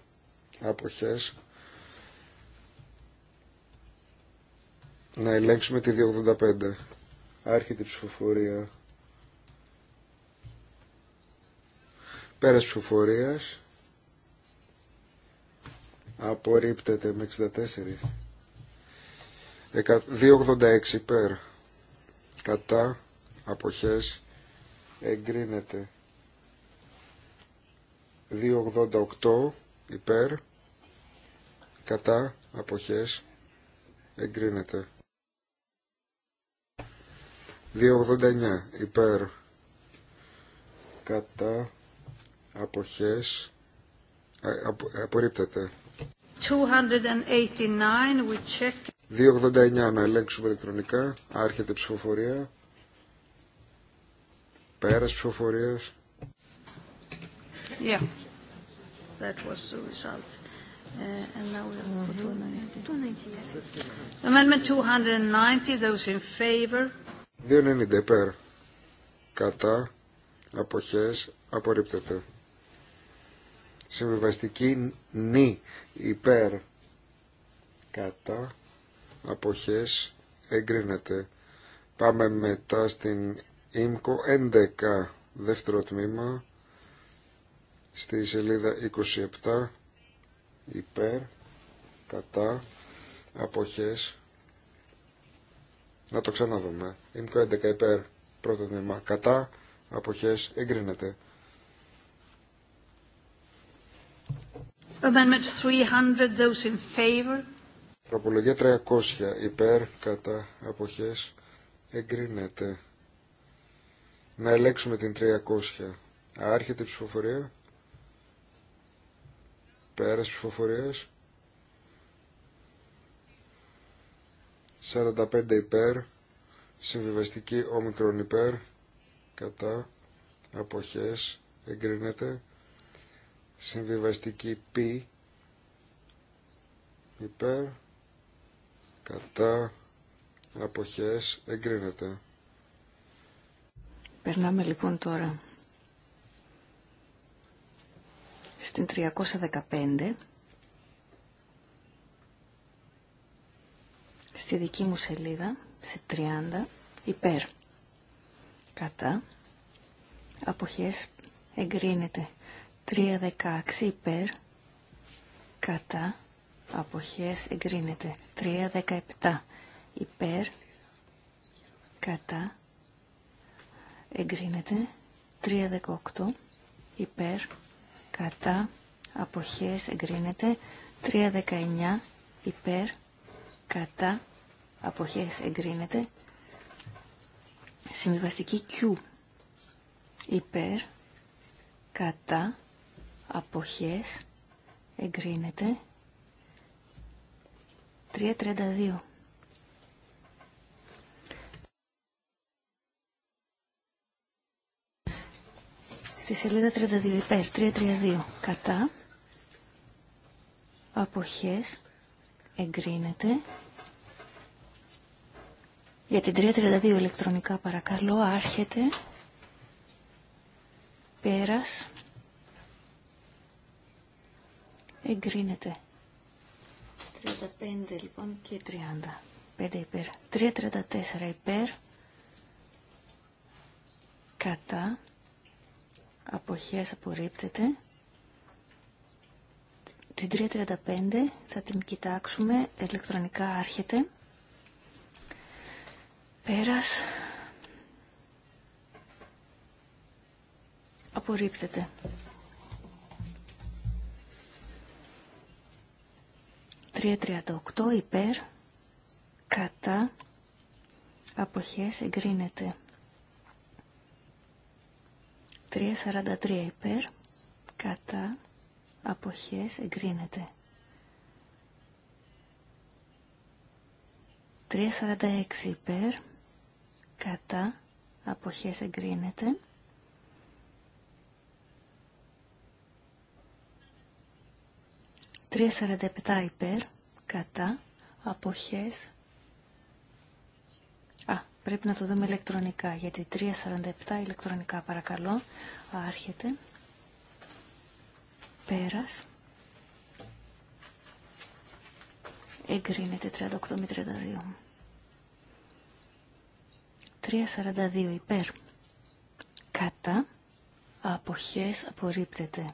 [SPEAKER 1] αποχές να ελέγξουμε τη 285 άρχη η ψηφοφορία πέρας ψηφοφορίας απορρίπτεται με 64 286 υπέρ κατά αποχές εγκρίνεται 288 υπέρ κατά αποχές εγκρίνεται 289 υπέρ κατά αποχές ε, απορρίπτεται
[SPEAKER 2] 289
[SPEAKER 1] we να ελέγξουμε ηλεκτρονικά άρχεται ψηφοφορία πέρας ψηφοφορίας
[SPEAKER 2] Yeah. That was the result. Uh, and now we have mm-hmm. 290. 290, yes. Amendment 290, those in favor.
[SPEAKER 1] 290 υπέρ. Κατά. Αποχές. Απορρίπτεται. Συμβιβαστική νη υπέρ. Κατά. Αποχές. Εγκρίνεται. Πάμε μετά στην ΙΜΚΟ 11. Δεύτερο τμήμα στη σελίδα 27 υπέρ κατά αποχές να το ξαναδούμε ΙΜΚΟ 11 υπέρ πρώτο τμήμα κατά αποχές εγκρίνεται Προπολογία 300, 300 υπέρ κατά αποχές εγκρίνεται. Να ελέγξουμε την 300. Άρχεται η ψηφοφορία. Πέρας ψηφοφορίας. 45 υπέρ. Συμβιβαστική όμικρον υπέρ. Κατά. Αποχές. Εγκρίνεται. Συμβιβαστική πι Υπέρ. Κατά. Αποχές. Εγκρίνεται.
[SPEAKER 3] Περνάμε λοιπόν τώρα στην 315 στη δική μου σελίδα σε 30 υπέρ κατά αποχές εγκρίνεται 316 υπέρ κατά αποχές εγκρίνεται 317 υπέρ κατά εγκρίνεται 318 υπέρ κατά αποχές εγκρίνεται 319 υπέρ κατά αποχές εγκρίνεται συμβιβαστική Q υπέρ κατά αποχές εγκρίνεται 332 Στη σελίδα 32 υπέρ 332 κατά αποχές εγκρίνεται για την 332 ηλεκτρονικά παρακαλώ άρχεται πέρας εγκρίνεται 35 λοιπόν και 30 5 υπέρ 334 υπέρ κατά αποχές απορρίπτεται. Την 3.35 θα την κοιτάξουμε, ηλεκτρονικά άρχεται. Πέρας. Απορρίπτεται. 3.38 υπέρ, κατά, αποχές εγκρίνεται. 3.43 υπέρ, κατά, αποχές, εγκρίνεται. 3.46 υπέρ, κατά, αποχές, εγκρίνεται. 3.47 υπέρ, κατά, αποχές, Πρέπει να το δούμε ηλεκτρονικά, γιατί 347 ηλεκτρονικά παρακαλώ. Άρχεται. Πέρας. Εγκρίνεται 38 με 32. 342 υπέρ. Κατά. Αποχές απορρίπτεται.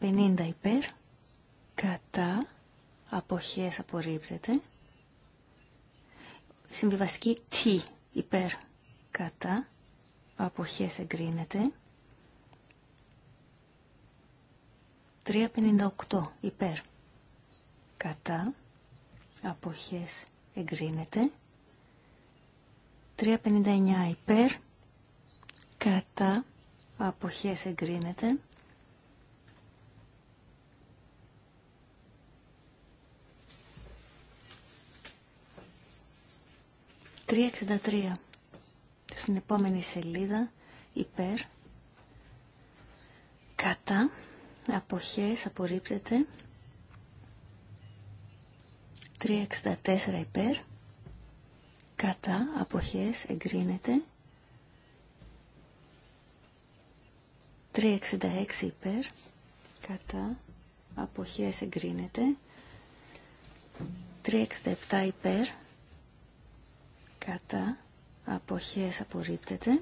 [SPEAKER 3] 350 υπέρ. Κατά. Αποχές απορρίπτεται. Συμβιβαστική T υπέρ κατά αποχές εγκρίνεται. 358 υπέρ κατά αποχές εγκρίνεται. 359 υπέρ κατά αποχές εγκρίνεται. 363 στην επόμενη σελίδα υπέρ κατά αποχές απορρίπτεται 364 υπέρ κατά αποχές εγκρίνεται 366 υπέρ κατά αποχές εγκρίνεται 367 υπέρ κατά αποχές απορρίπτεται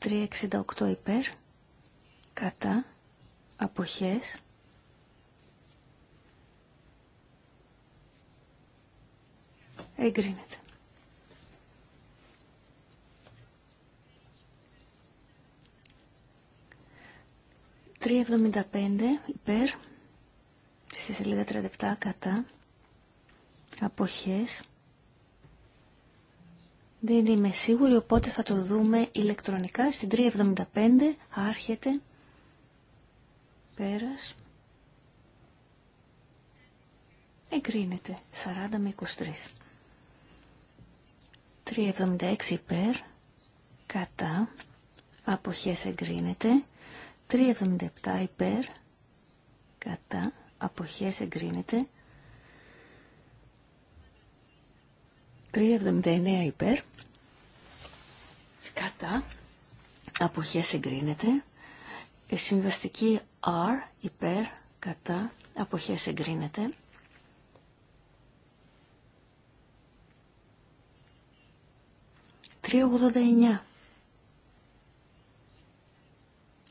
[SPEAKER 3] 368 υπέρ κατά αποχές εγκρίνεται 375 υπέρ στη σελίδα 37 κατά αποχές δεν είμαι σίγουρη, οπότε θα το δούμε ηλεκτρονικά. Στην 375 άρχεται. Πέρας. Εγκρίνεται. 40 με 23. 376 υπέρ. Κατά. Αποχές εγκρίνεται. 377 υπέρ. Κατά. Αποχές εγκρίνεται. 379 υπέρ. Κατά. Αποχέ εγκρίνεται. Η συμβαστική R υπέρ. Κατά. αποχέ εγκρίνεται. «389».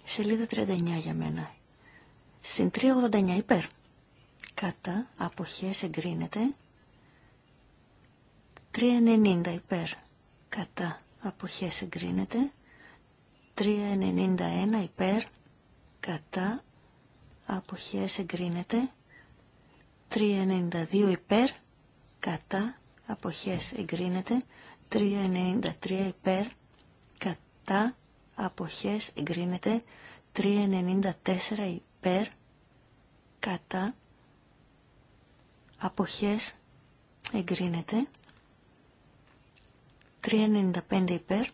[SPEAKER 3] Σελίδα 39 για μένα. Στην 389 υπέρ. Κατά αποχές εγκρίνεται 3,90 υπέρ κατά αποχές εγκρίνεται. 3,91 υπέρ κατά απόχέ εγκρίνεται. 3,92 υπέρ κατά απόχέ εγκρίνεται. 3,93 υπέρ κατά αποχές εγκρίνεται. 3,94 υπέρ κατά αποχές εγκρίνεται. 395 υπέρ,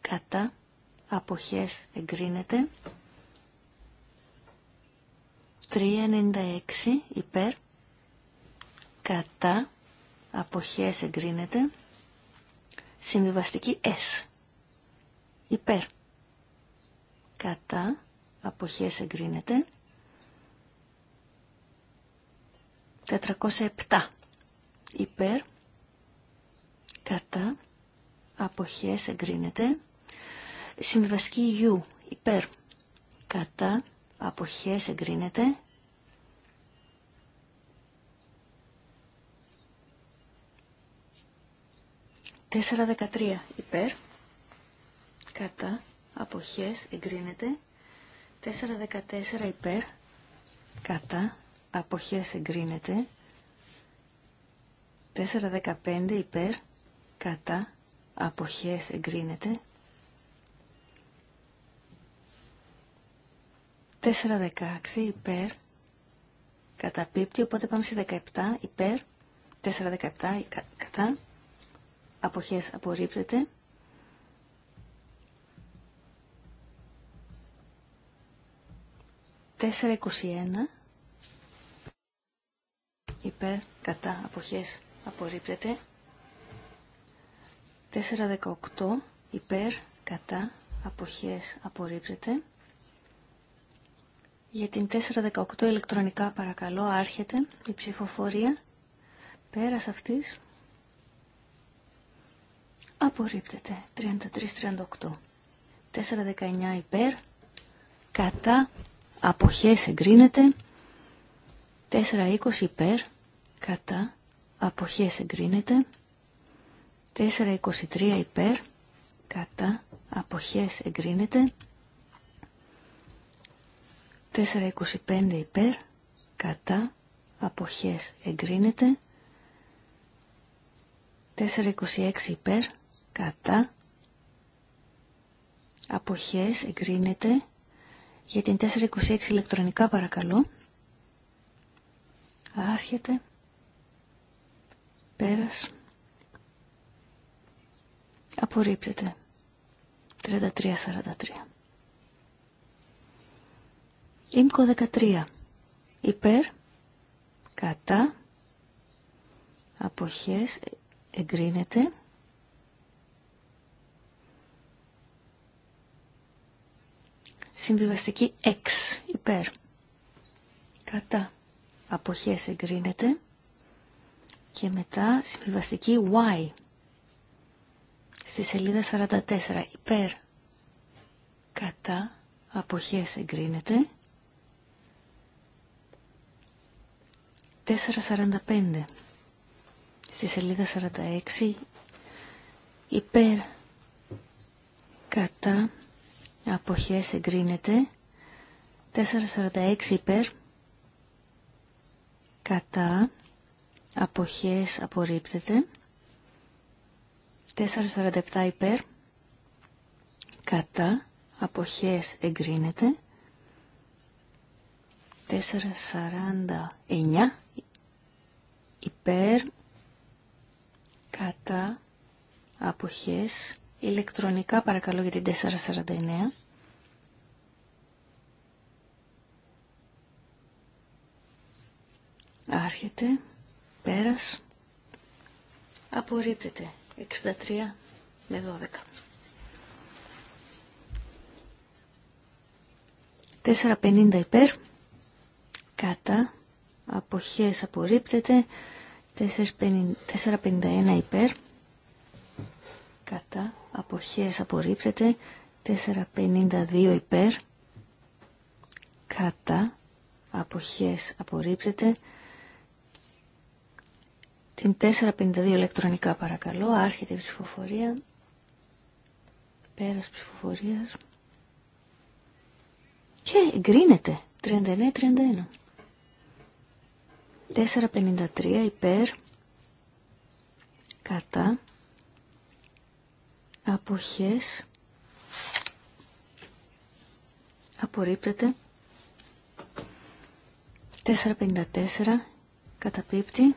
[SPEAKER 3] κατά, αποχές εγκρίνεται. 396 υπέρ, κατά, αποχές εγκρίνεται. Συμβιβαστική S. Υπέρ. Κατά, αποχές εγκρίνεται. 407 υπέρ, κατά αποχές εγκρίνεται συμβιβαστική γιου υπέρ κατά αποχές εγκρίνεται Τέσσερα δεκατρία υπέρ, κατά, αποχές, εγκρίνεται. Τέσσερα δεκατέσσερα υπέρ, κατά, αποχές, εγκρίνεται. Τέσσερα δεκαπέντε υπέρ, κατά αποχές εγκρίνεται 416 υπέρ καταπίπτει οπότε πάμε στη 17 υπέρ 417 κατά αποχές απορρίπτεται Τέσσερα εικοσιένα, υπέρ, κατά, αποχές, απορρίπτεται. 418 υπέρ κατά αποχές απορρίπτεται. Για την 418 ηλεκτρονικά παρακαλώ άρχεται η ψηφοφορία. Πέρας αυτής απορρίπτεται 419 υπέρ κατά αποχές εγκρίνεται. 420 υπέρ κατά αποχές εγκρίνεται. 4.23 υπέρ, κατά, αποχές εγκρίνεται. 4.25 υπέρ, κατά, αποχές εγκρίνεται. 4.26 υπέρ, κατά, αποχές εγκρίνεται. Για την 4.26 ηλεκτρονικά παρακαλώ. Άρχεται. Πέρας. Απορρίπτεται. 33-43. Ήμκο 13. Υπέρ, κατά, αποχές, εγκρίνεται. Συμβιβαστική X Υπέρ, κατά, αποχές, εγκρίνεται. Και μετά συμβιβαστική Y Στη σελίδα 44 υπέρ κατά αποχές εγκρίνεται. 4.45 στη σελίδα 46 υπέρ κατά αποχές εγκρίνεται 4.46 υπέρ κατά αποχές απορρίπτεται 447 υπέρ. Κατά. Αποχές εγκρίνεται. 449 υπέρ. Κατά. Αποχές. Ηλεκτρονικά παρακαλώ για την 449. Άρχεται, πέρας, απορρίπτεται. 63 με 12. 4,50 υπέρ, κατά, αποχές απορρίπτεται, 4,51 υπέρ, κατά, αποχές απορρίπτεται, 4,52 υπέρ, κατά, αποχές απορρίπτεται, την 452 ηλεκτρονικά παρακαλώ. Άρχεται η ψηφοφορία. Πέρας ψηφοφορίας. Και εγκρίνεται. 39-31. 453 υπέρ. Κατά. Αποχές. Απορρίπτεται. 454 καταπίπτει.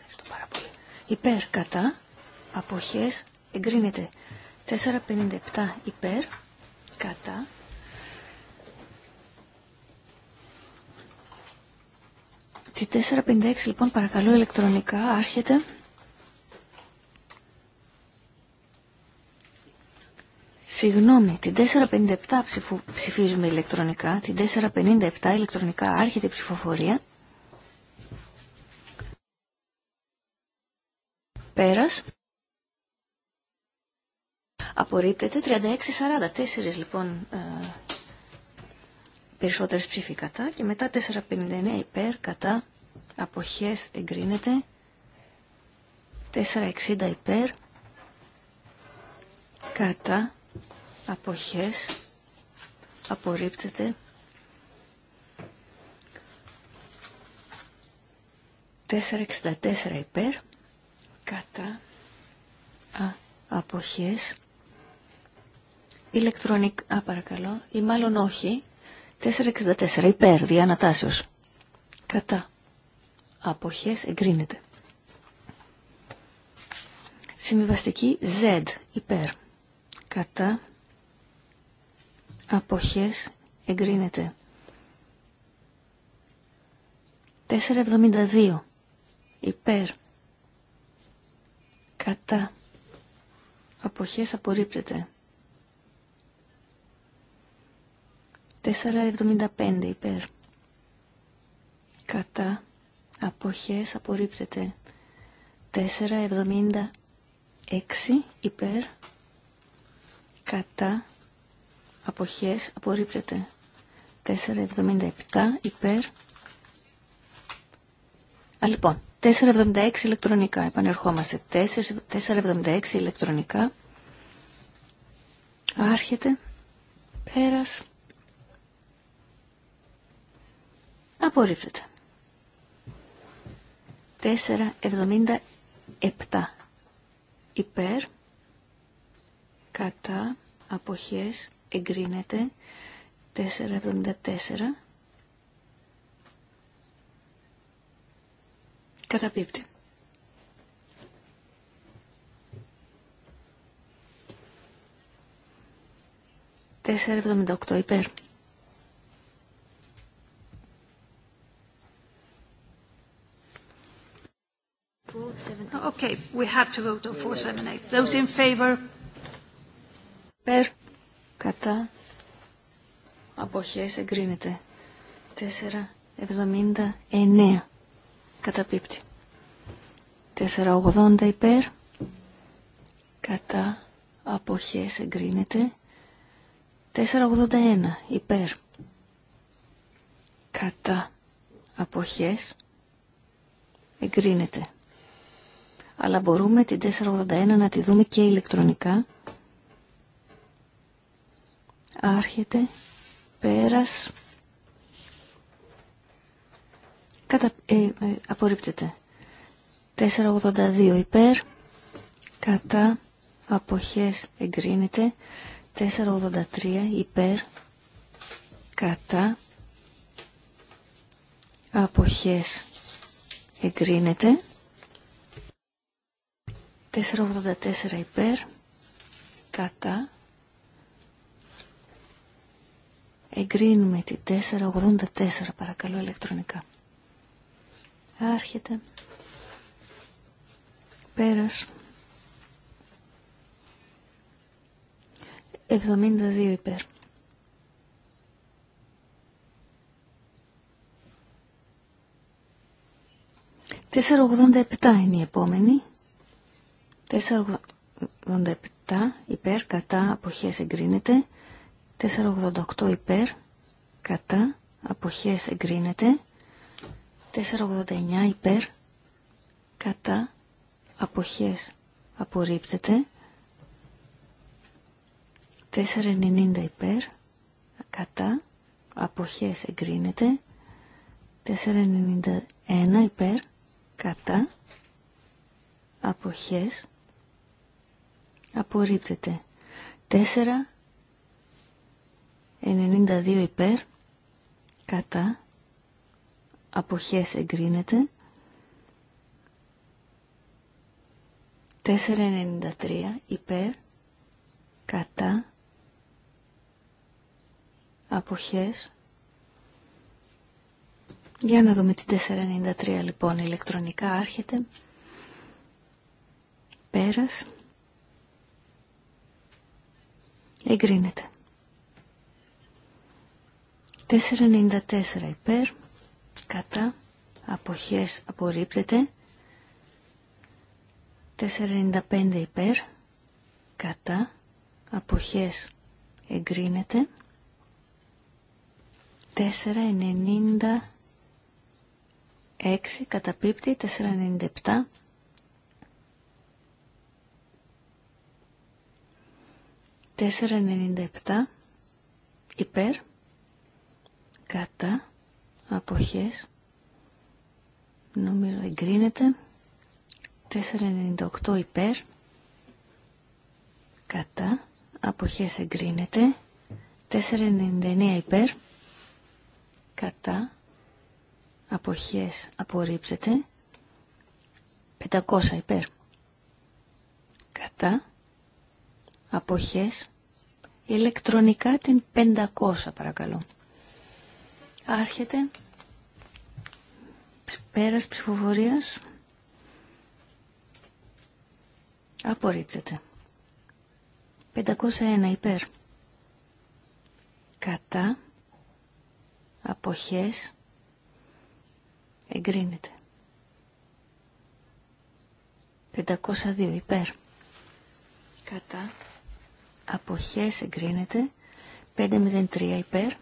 [SPEAKER 3] υπέρ κατά αποχές εγκρίνεται 457 υπέρ κατά τη 456 λοιπόν παρακαλώ ηλεκτρονικά άρχεται Συγγνώμη, την 457 ψηφίζουμε ηλεκτρονικά, την 457 ηλεκτρονικά άρχεται η ψηφοφορία. Πέρας. Απορρίπτεται 36-44, λοιπόν ε, περισσότερες ψήφοι κατά και μετά 4-59 υπέρ κατά αποχές εγκρίνεται 4-60 υπέρ κατά αποχές απορρίπτεται 4-64 υπέρ κατά α, αποχές ηλεκτρονικά παρακαλώ ή μάλλον όχι 464 υπέρ διανατάσεως κατά αποχές εγκρίνεται συμβιβαστική Z υπέρ κατά αποχές εγκρίνεται 472 υπέρ Κατά. Αποχές απορρίπτεται. 4,75 υπέρ. Κατά. Αποχές απορρίπτεται. 4,76 υπέρ. Κατά. Αποχές απορρίπτεται. 4,77 υπέρ. Α, λοιπόν. 476 ηλεκτρονικά. Επανερχόμαστε. 476 ηλεκτρονικά. Άρχεται. Πέρας. Απορρίπτεται. 477 υπέρ, κατά, αποχές, εγκρίνεται, 474 Καταπίπτει. Τέσσερα εβδομήντα οκτώ υπέρ.
[SPEAKER 2] Okay, we have to vote on 478. Those in favor?
[SPEAKER 3] Περ, κατά, αποχές εγκρίνεται. 479. Καταπίπτει. 480 υπέρ. Κατά αποχές εγκρίνεται. 481 υπέρ. Κατά αποχές εγκρίνεται. Αλλά μπορούμε την 481 να τη δούμε και ηλεκτρονικά. Άρχεται πέρας Κατα... Ε, ε, απορρίπτεται. 482 υπέρ. Κατά αποχές εγκρίνεται. 483 υπέρ. Κατά αποχές εγκρίνεται. 484 υπέρ. Κατά εγκρίνουμε τη 484 παρακαλώ ηλεκτρονικά. Άρχεται. Πέρας. 72 υπέρ. 4,87 είναι η επόμενη. 487 υπέρ, κατά, αποχές εγκρίνεται. 488 υπέρ, κατά, αποχές εγκρίνεται. 489 υπέρ κατά αποχές απορρίπτεται 490 υπέρ κατά αποχές εγκρίνεται 491 υπέρ κατά αποχές απορρίπτεται 492 υπέρ κατά αποχές εγκρίνεται. 493 υπέρ κατά αποχές. Για να δούμε την 493 λοιπόν ηλεκτρονικά άρχεται. Πέρας. Εγκρίνεται. 494 υπέρ κατά αποχές απορρίπτεται 495 υπέρ κατά αποχές εγκρίνεται 496 καταπίπτει 497 497 υπέρ κατά αποχές νούμερο εγκρίνεται 498 υπέρ κατά αποχές εγκρίνεται 499 υπέρ κατά αποχές απορρίψεται 500 υπέρ κατά αποχές ηλεκτρονικά την 500 παρακαλώ Άρχεται. Πέρας ψηφοφορίας. Απορρίπτεται. 501 υπέρ. Κατά. Αποχές. Εγκρίνεται. 502 υπέρ. Κατά. Αποχές εγκρίνεται. 503 υπέρ.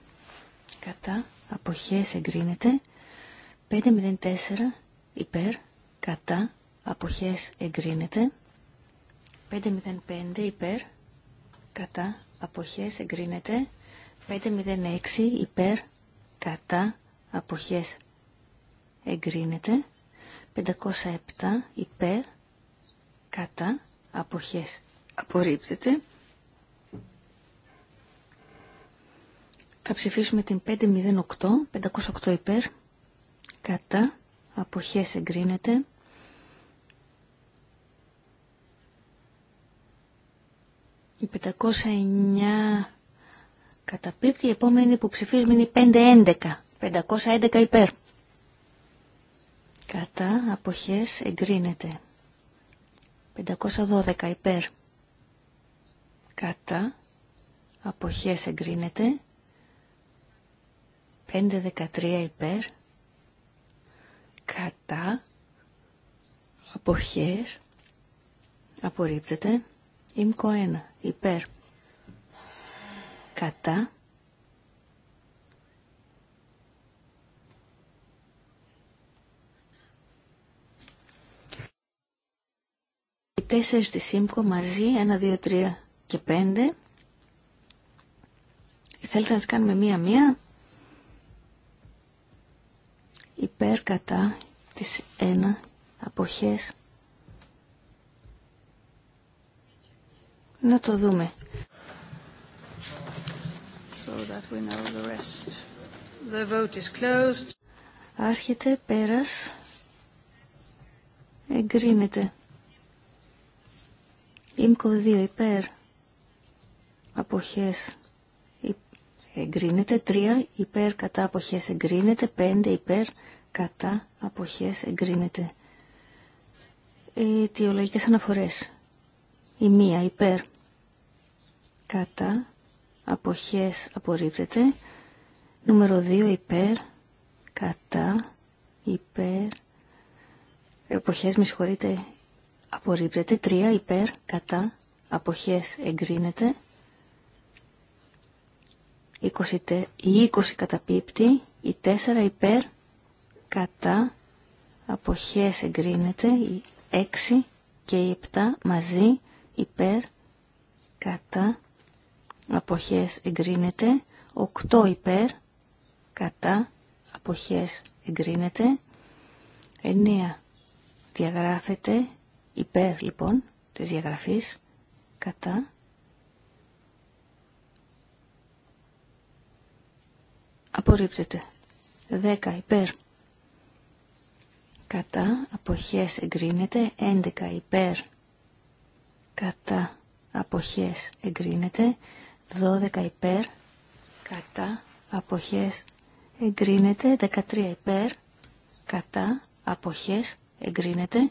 [SPEAKER 3] Κατά αποχές εγκρίνεται 504 υπέρ κατά αποχές εγκρίνεται 505 υπέρ κατά αποχές εγκρίνεται 506 υπέρ κατά αποχές εγκρίνεται 507 υπέρ κατά αποχές απορρίπτεται Θα ψηφίσουμε την 508, 508 υπέρ, κατά, αποχές εγκρίνεται. Η 509 καταπίπτει, η επόμενη που ψηφίζουμε είναι η 511, 511 υπέρ. Κατά, αποχές εγκρίνεται. 512 υπέρ. Κατά, αποχές εγκρίνεται. 5.13 υπέρ, κατά, χέρ, απορρίπτεται, ημκο 1 υπέρ, κατά, Οι τέσσερις της ημκο μαζί, 1, 2, 3 και 5. Θέλετε να τις κάνουμε μία-μία υπέρκατα τις της 1 αποχές να το δούμε
[SPEAKER 4] so
[SPEAKER 2] that we know the rest. The vote is closed.
[SPEAKER 3] Άρχεται πέρας εγκρίνεται ΙΜΚΟ δύο υπέρ αποχές εγκρίνεται. 3 υπέρ κατά αποχές εγκρίνεται. 5 υπέρ κατά αποχές εγκρίνεται. Αιτιολογικές αναφορές. Η μία υπέρ κατά αποχές απορρίπτεται. Νούμερο 2 υπέρ κατά υπέρ εποχές με συγχωρείτε απορρίπτεται. 3 υπέρ κατά αποχές εγκρίνεται. 20, η 20 καταπίπτει, η 4 υπέρ, κατά, αποχές εγκρίνεται, οι 6 και η 7 μαζί, υπέρ, κατά, αποχές εγκρίνεται, 8 υπέρ, κατά, αποχές εγκρίνεται, 9 διαγράφεται, υπέρ λοιπόν της διαγραφής, κατά, απορρίπτεται. 10 υπέρ κατά αποχές εγκρίνεται. 11 υπέρ κατά αποχές εγκρίνεται. 12 υπέρ κατά αποχές εγκρίνεται. 13 υπέρ κατά αποχές εγκρίνεται.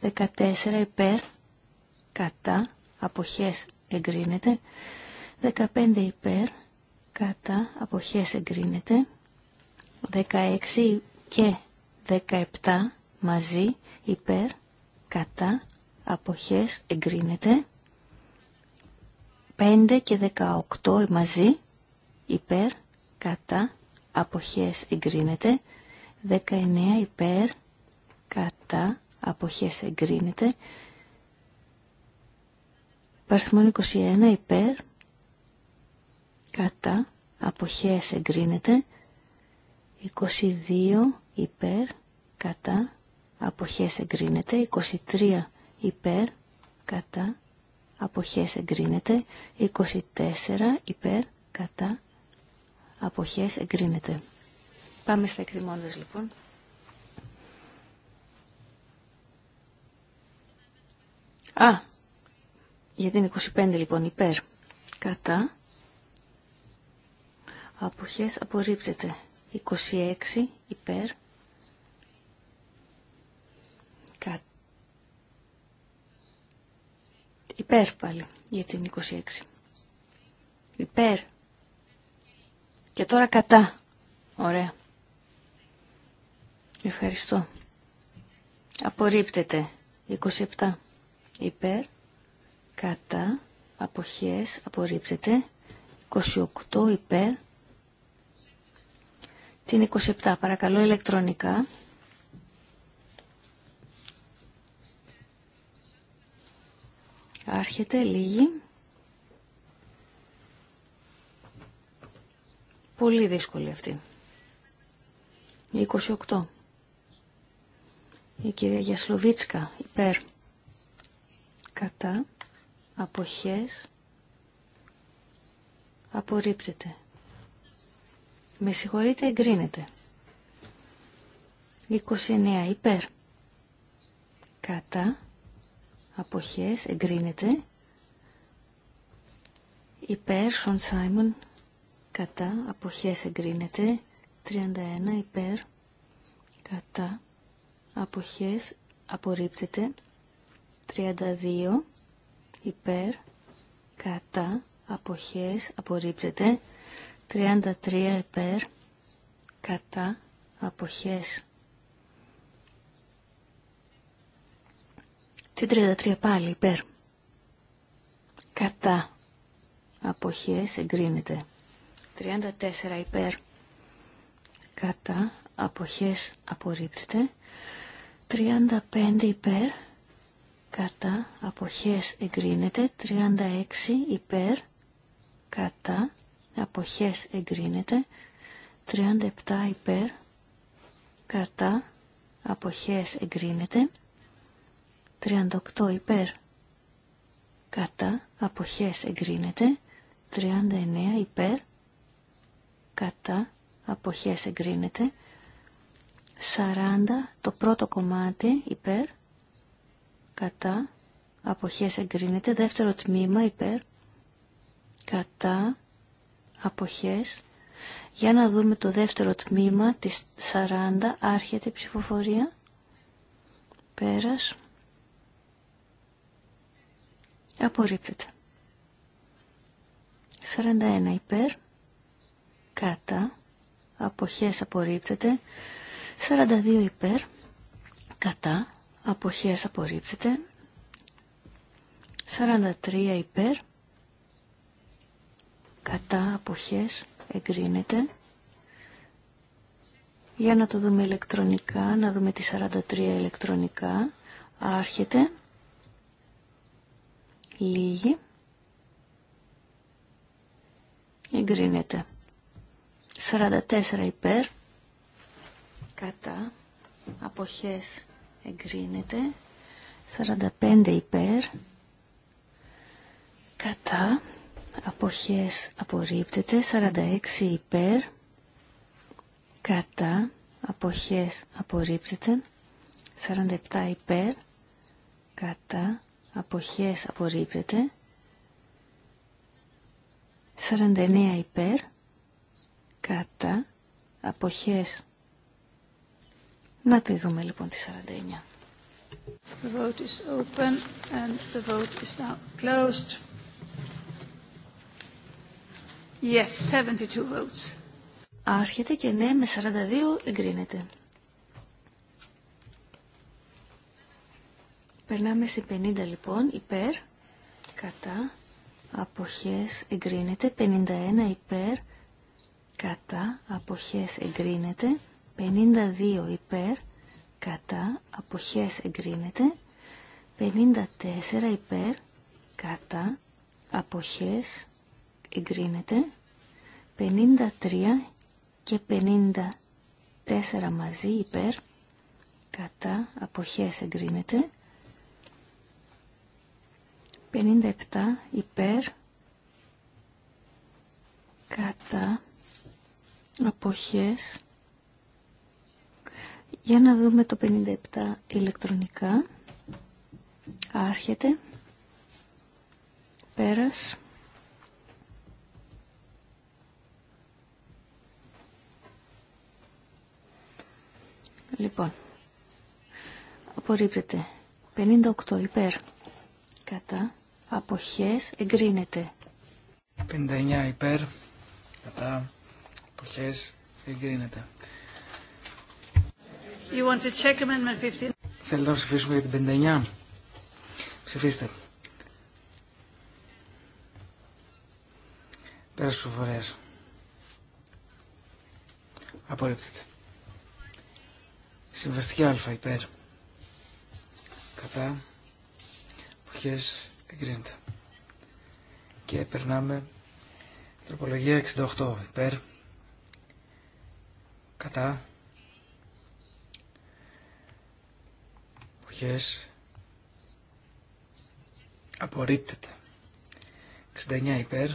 [SPEAKER 3] 14 υπέρ κατά αποχές εγκρίνεται. 15 υπέρ κατά αποχές εγκρίνεται 16 και 17 μαζί υπέρ κατά αποχές εγκρίνεται 5 και 18 μαζί υπέρ κατά αποχές εγκρίνεται 19 υπέρ κατά αποχές εγκρίνεται Παρθμόν 21 υπέρ κατά αποχές εγκρίνεται 22 υπέρ κατά αποχές εγκρίνεται 23 υπέρ κατά αποχές εγκρίνεται 24 υπέρ κατά αποχές εγκρίνεται πάμε στα εκκριμώντας λοιπόν Α, γιατί είναι 25 λοιπόν υπέρ κατά αποχές απορρίπτεται 26 υπέρ κα... υπέρ πάλι για την 26 υπέρ και τώρα κατά ωραία ευχαριστώ απορρίπτεται 27 υπέρ κατά αποχές απορρίπτεται 28 υπέρ την 27 παρακαλώ ηλεκτρονικά. Άρχεται λίγη. Πολύ δύσκολη αυτή. 28. Η κυρία Γιασλοβίτσκα υπέρ. Κατά. Αποχές. Απορρίπτεται. Με συγχωρείτε, εγκρίνεται. 29 υπέρ. Κατά. Αποχές, εγκρίνεται. Υπέρ, Σον Σάιμον. Κατά. Αποχές, εγκρίνεται. 31 υπέρ. Κατά. Αποχές, απορρίπτεται. 32 υπέρ. Κατά. Αποχές, απορρίπτεται. 33 υπέρ κατά αποχές. Τι 33 πάλι υπέρ κατά αποχές εγκρίνεται. 34 υπέρ κατά αποχές απορρίπτεται. 35 υπέρ κατά αποχές εγκρίνεται. 36 υπέρ κατά αποχές εγκρίνεται 37 υπέρ κατά αποχές εγκρίνεται 38 υπέρ κατά αποχές εγκρίνεται 39 υπέρ κατά αποχές εγκρίνεται 40 το πρώτο κομμάτι υπέρ κατά αποχές εγκρίνεται δεύτερο τμήμα υπέρ κατά αποχές. Για να δούμε το δεύτερο τμήμα της 40. Άρχεται η ψηφοφορία. Πέρας. Απορρίπτεται. 41 υπέρ. Κατά. Αποχές απορρίπτεται. 42 υπέρ. Κατά. Αποχές απορρίπτεται. 43 υπέρ κατά αποχές εγκρίνεται. Για να το δούμε ηλεκτρονικά, να δούμε τη 43 ηλεκτρονικά. Άρχεται. Λίγη. Εγκρίνεται. 44 υπέρ. Κατά. Αποχές εγκρίνεται. 45 υπέρ. Κατά αποχές απορρίπτεται 46 υπέρ κατά αποχές απορρίπτεται 47 υπέρ κατά αποχές απορρίπτεται 49 υπέρ κατά αποχές να το δούμε λοιπόν τη 49
[SPEAKER 2] The vote is open and the vote is now closed. Yes, 72 votes.
[SPEAKER 3] Άρχεται και ναι με 42 εγκρίνεται. Περνάμε στη 50 λοιπόν, υπέρ, κατά, αποχές εγκρίνεται, 51 υπέρ, κατά, αποχές εγκρίνεται, 52 υπέρ, κατά, αποχές εγκρίνεται, 54 υπέρ, κατά, αποχές εγκρίνεται. 53 και 54 μαζί υπέρ κατά αποχές εγκρίνεται. 57 υπέρ κατά αποχές για να δούμε το 57 ηλεκτρονικά άρχεται πέρας Λοιπόν, απορρίπτεται. 58 υπέρ. Κατά. Αποχές εγκρίνεται.
[SPEAKER 4] 59 υπέρ. Κατά. Αποχές εγκρίνεται.
[SPEAKER 2] You want to check amendment 15?
[SPEAKER 4] Θέλετε να ψηφίσουμε για την 59. Ψηφίστε. Πέρασε τους προφορές. Απορρίπτεται. Συμβαστική α υπέρ. Κατά. Αποχές εγκρίνεται. Και περνάμε τροπολογία 68 υπέρ. Κατά. Αποχές απορρίπτεται. 69 υπέρ.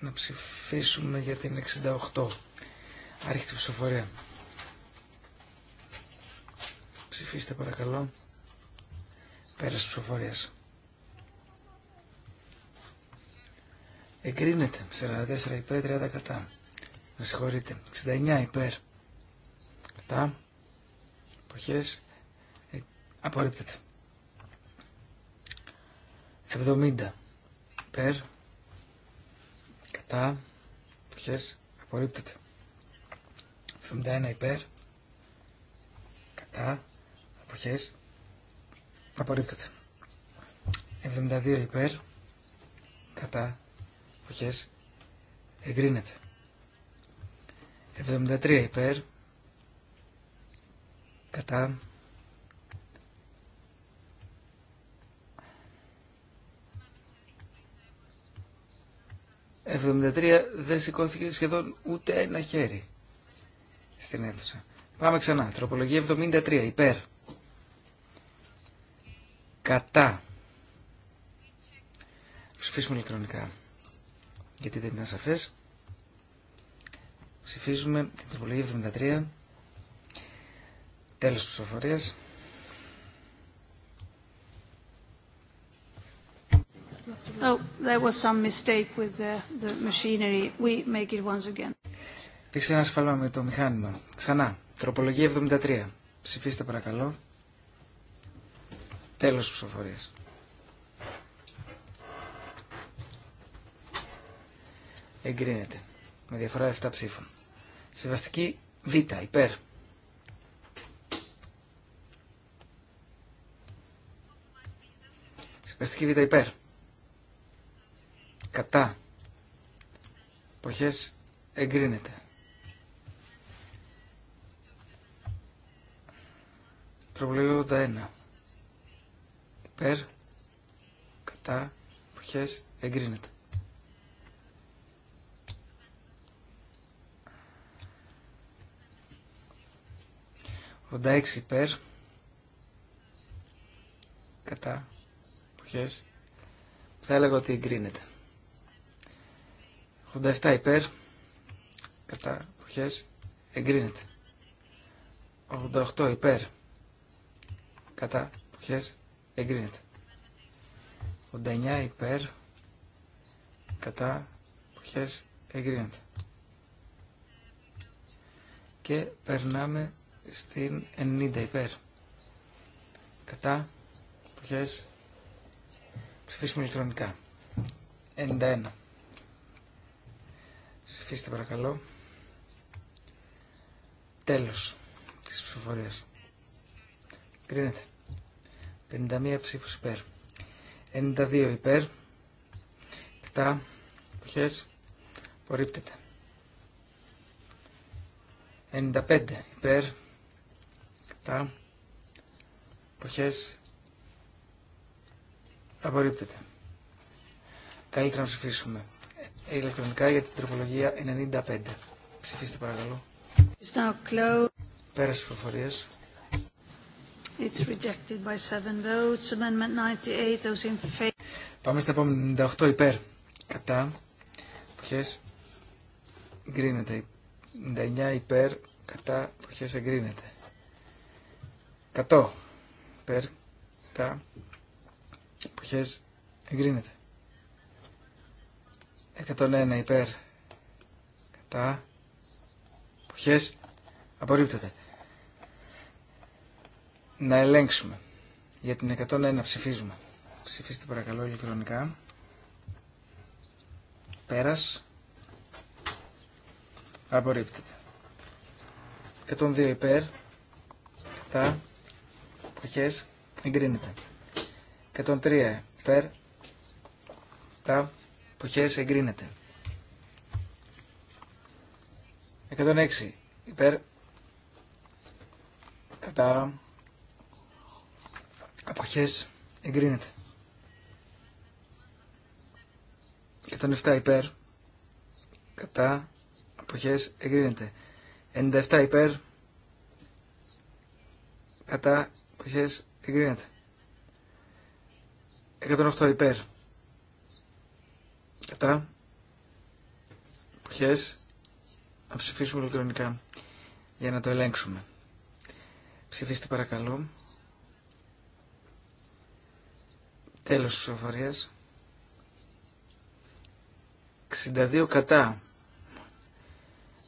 [SPEAKER 4] Να ψηφίσουμε για την 68. Άρχεται ψηφοφορία. Ψηφίστε παρακαλώ. Πέρας της ψηφοφορίας. Εγκρίνεται. 44 υπέρ, 30 κατά. Με συγχωρείτε. 69 υπέρ. Κατά. Εποχές. Ε, απορρίπτεται. 70 υπέρ. Κατά. Εποχές. Απορρίπτεται. 71 υπέρ. Κατά. Αποχές. Απορρίπτεται. 72 υπέρ. Κατά. Αποχές. Εγκρίνεται. 73 υπέρ. Κατά. «73 δεν σηκώθηκε σχεδόν ούτε ένα χέρι» στην αίθουσα. Πάμε ξανά. Τροπολογία 73. Υπέρ. Κατά. Ψηφίσουμε ηλεκτρονικά. Γιατί δεν ήταν σαφές. Ψηφίζουμε την τροπολογία 73. Τέλος της ψηφοφορίας.
[SPEAKER 2] Oh, there was some mistake with the, the machinery. We make it once again.
[SPEAKER 4] Υπήρξε ένα ασφαλό με το μηχάνημα. Ξανά. Τροπολογία 73. Ψηφίστε παρακαλώ. Τέλος ψηφοφορίας. Εγκρίνεται. Με διαφορά 7 ψήφων. Σεβαστική Β. Υπέρ. Συμβαστική Β. Υπέρ. Κατά. Εποχές εγκρίνεται. Τροπολογία 81. Υπέρ. Κατά. Εποχές. Εγκρίνεται. 86 υπέρ. Κατά. Εποχές. Θα έλεγα ότι εγκρίνεται. 87 υπέρ. Κατά. Εποχές. Εγκρίνεται. 88 υπέρ κατά ποιες εγκρίνεται. 89 υπέρ κατά ποιες εγκρίνεται. Και περνάμε στην 90 υπέρ κατά ποιες ψηφίσουμε ηλεκτρονικά. 91. Ψηφίστε παρακαλώ. Τέλος της ψηφοφορίας. Κρίνεται. 51 ψήφους υπέρ. 92 υπέρ. τα Ποιες. Απορρίπτεται. 95 υπέρ. τα Ποιες. Απορρίπτεται. Καλύτερα να ψηφίσουμε. Ηλεκτρονικά για την τροπολογία 95. Ψηφίστε παρακαλώ. Πέρασε τις προφορίες.
[SPEAKER 2] It's rejected by seven votes. Amendment 98, those in favor.
[SPEAKER 4] Πάμε στα επόμενα 98 υπέρ. Κατά. Ποιες εγκρίνεται. 99 υπέρ. Κατά. Ποιες εγκρίνεται. 100 υπέρ. Κατά. Ποιες εγκρίνεται. 101 υπέρ. Κατά. Ποιες απορρίπτεται να ελέγξουμε. Για την 101 ψηφίζουμε. Ψηφίστε παρακαλώ ηλεκτρονικά. Πέρας. Απορρίπτεται. 102 υπέρ. Τα Αρχές. Εγκρίνεται. 103 υπέρ. Τα Ποχές Εγκρίνεται. 106 υπέρ. Κατά Αποχές εγκρίνεται. 7 υπέρ. Κατά. Αποχές εγκρίνεται. 97 υπέρ. Κατά. Αποχές εγκρίνεται. 108 υπέρ. Κατά. Αποχές. Να ψηφίσουμε ηλεκτρονικά για να το ελέγξουμε. Ψηφίστε παρακαλώ. Τέλος της ψηφοφορίας. 62 κατά.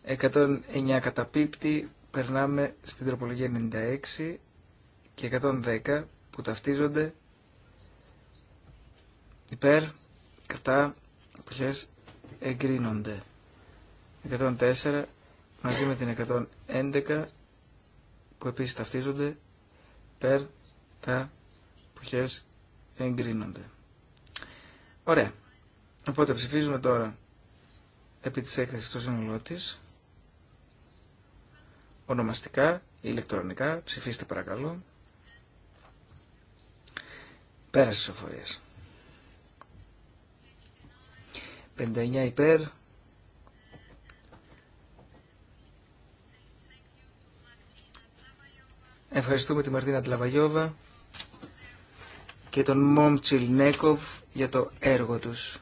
[SPEAKER 4] 109 καταπίπτει. Περνάμε στην τροπολογία 96 και 110 που ταυτίζονται υπέρ, κατά, ποιες εγκρίνονται. 104 μαζί με την 111 που επίσης ταυτίζονται υπέρ, τα, εγκρίνονται εγκρίνονται. Ωραία. Οπότε ψηφίζουμε τώρα επί της έκθεσης στο σύνολό τη. Ονομαστικά, ηλεκτρονικά, ψηφίστε παρακαλώ. Πέρασε στις οφορίες. 59 υπέρ. Ευχαριστούμε τη Μαρτίνα Τλαβαγιώβα για τον Μόμτσιλ Νέκοβ για το έργο τους,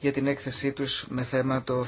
[SPEAKER 4] για την έκθεσή τους με θέμα το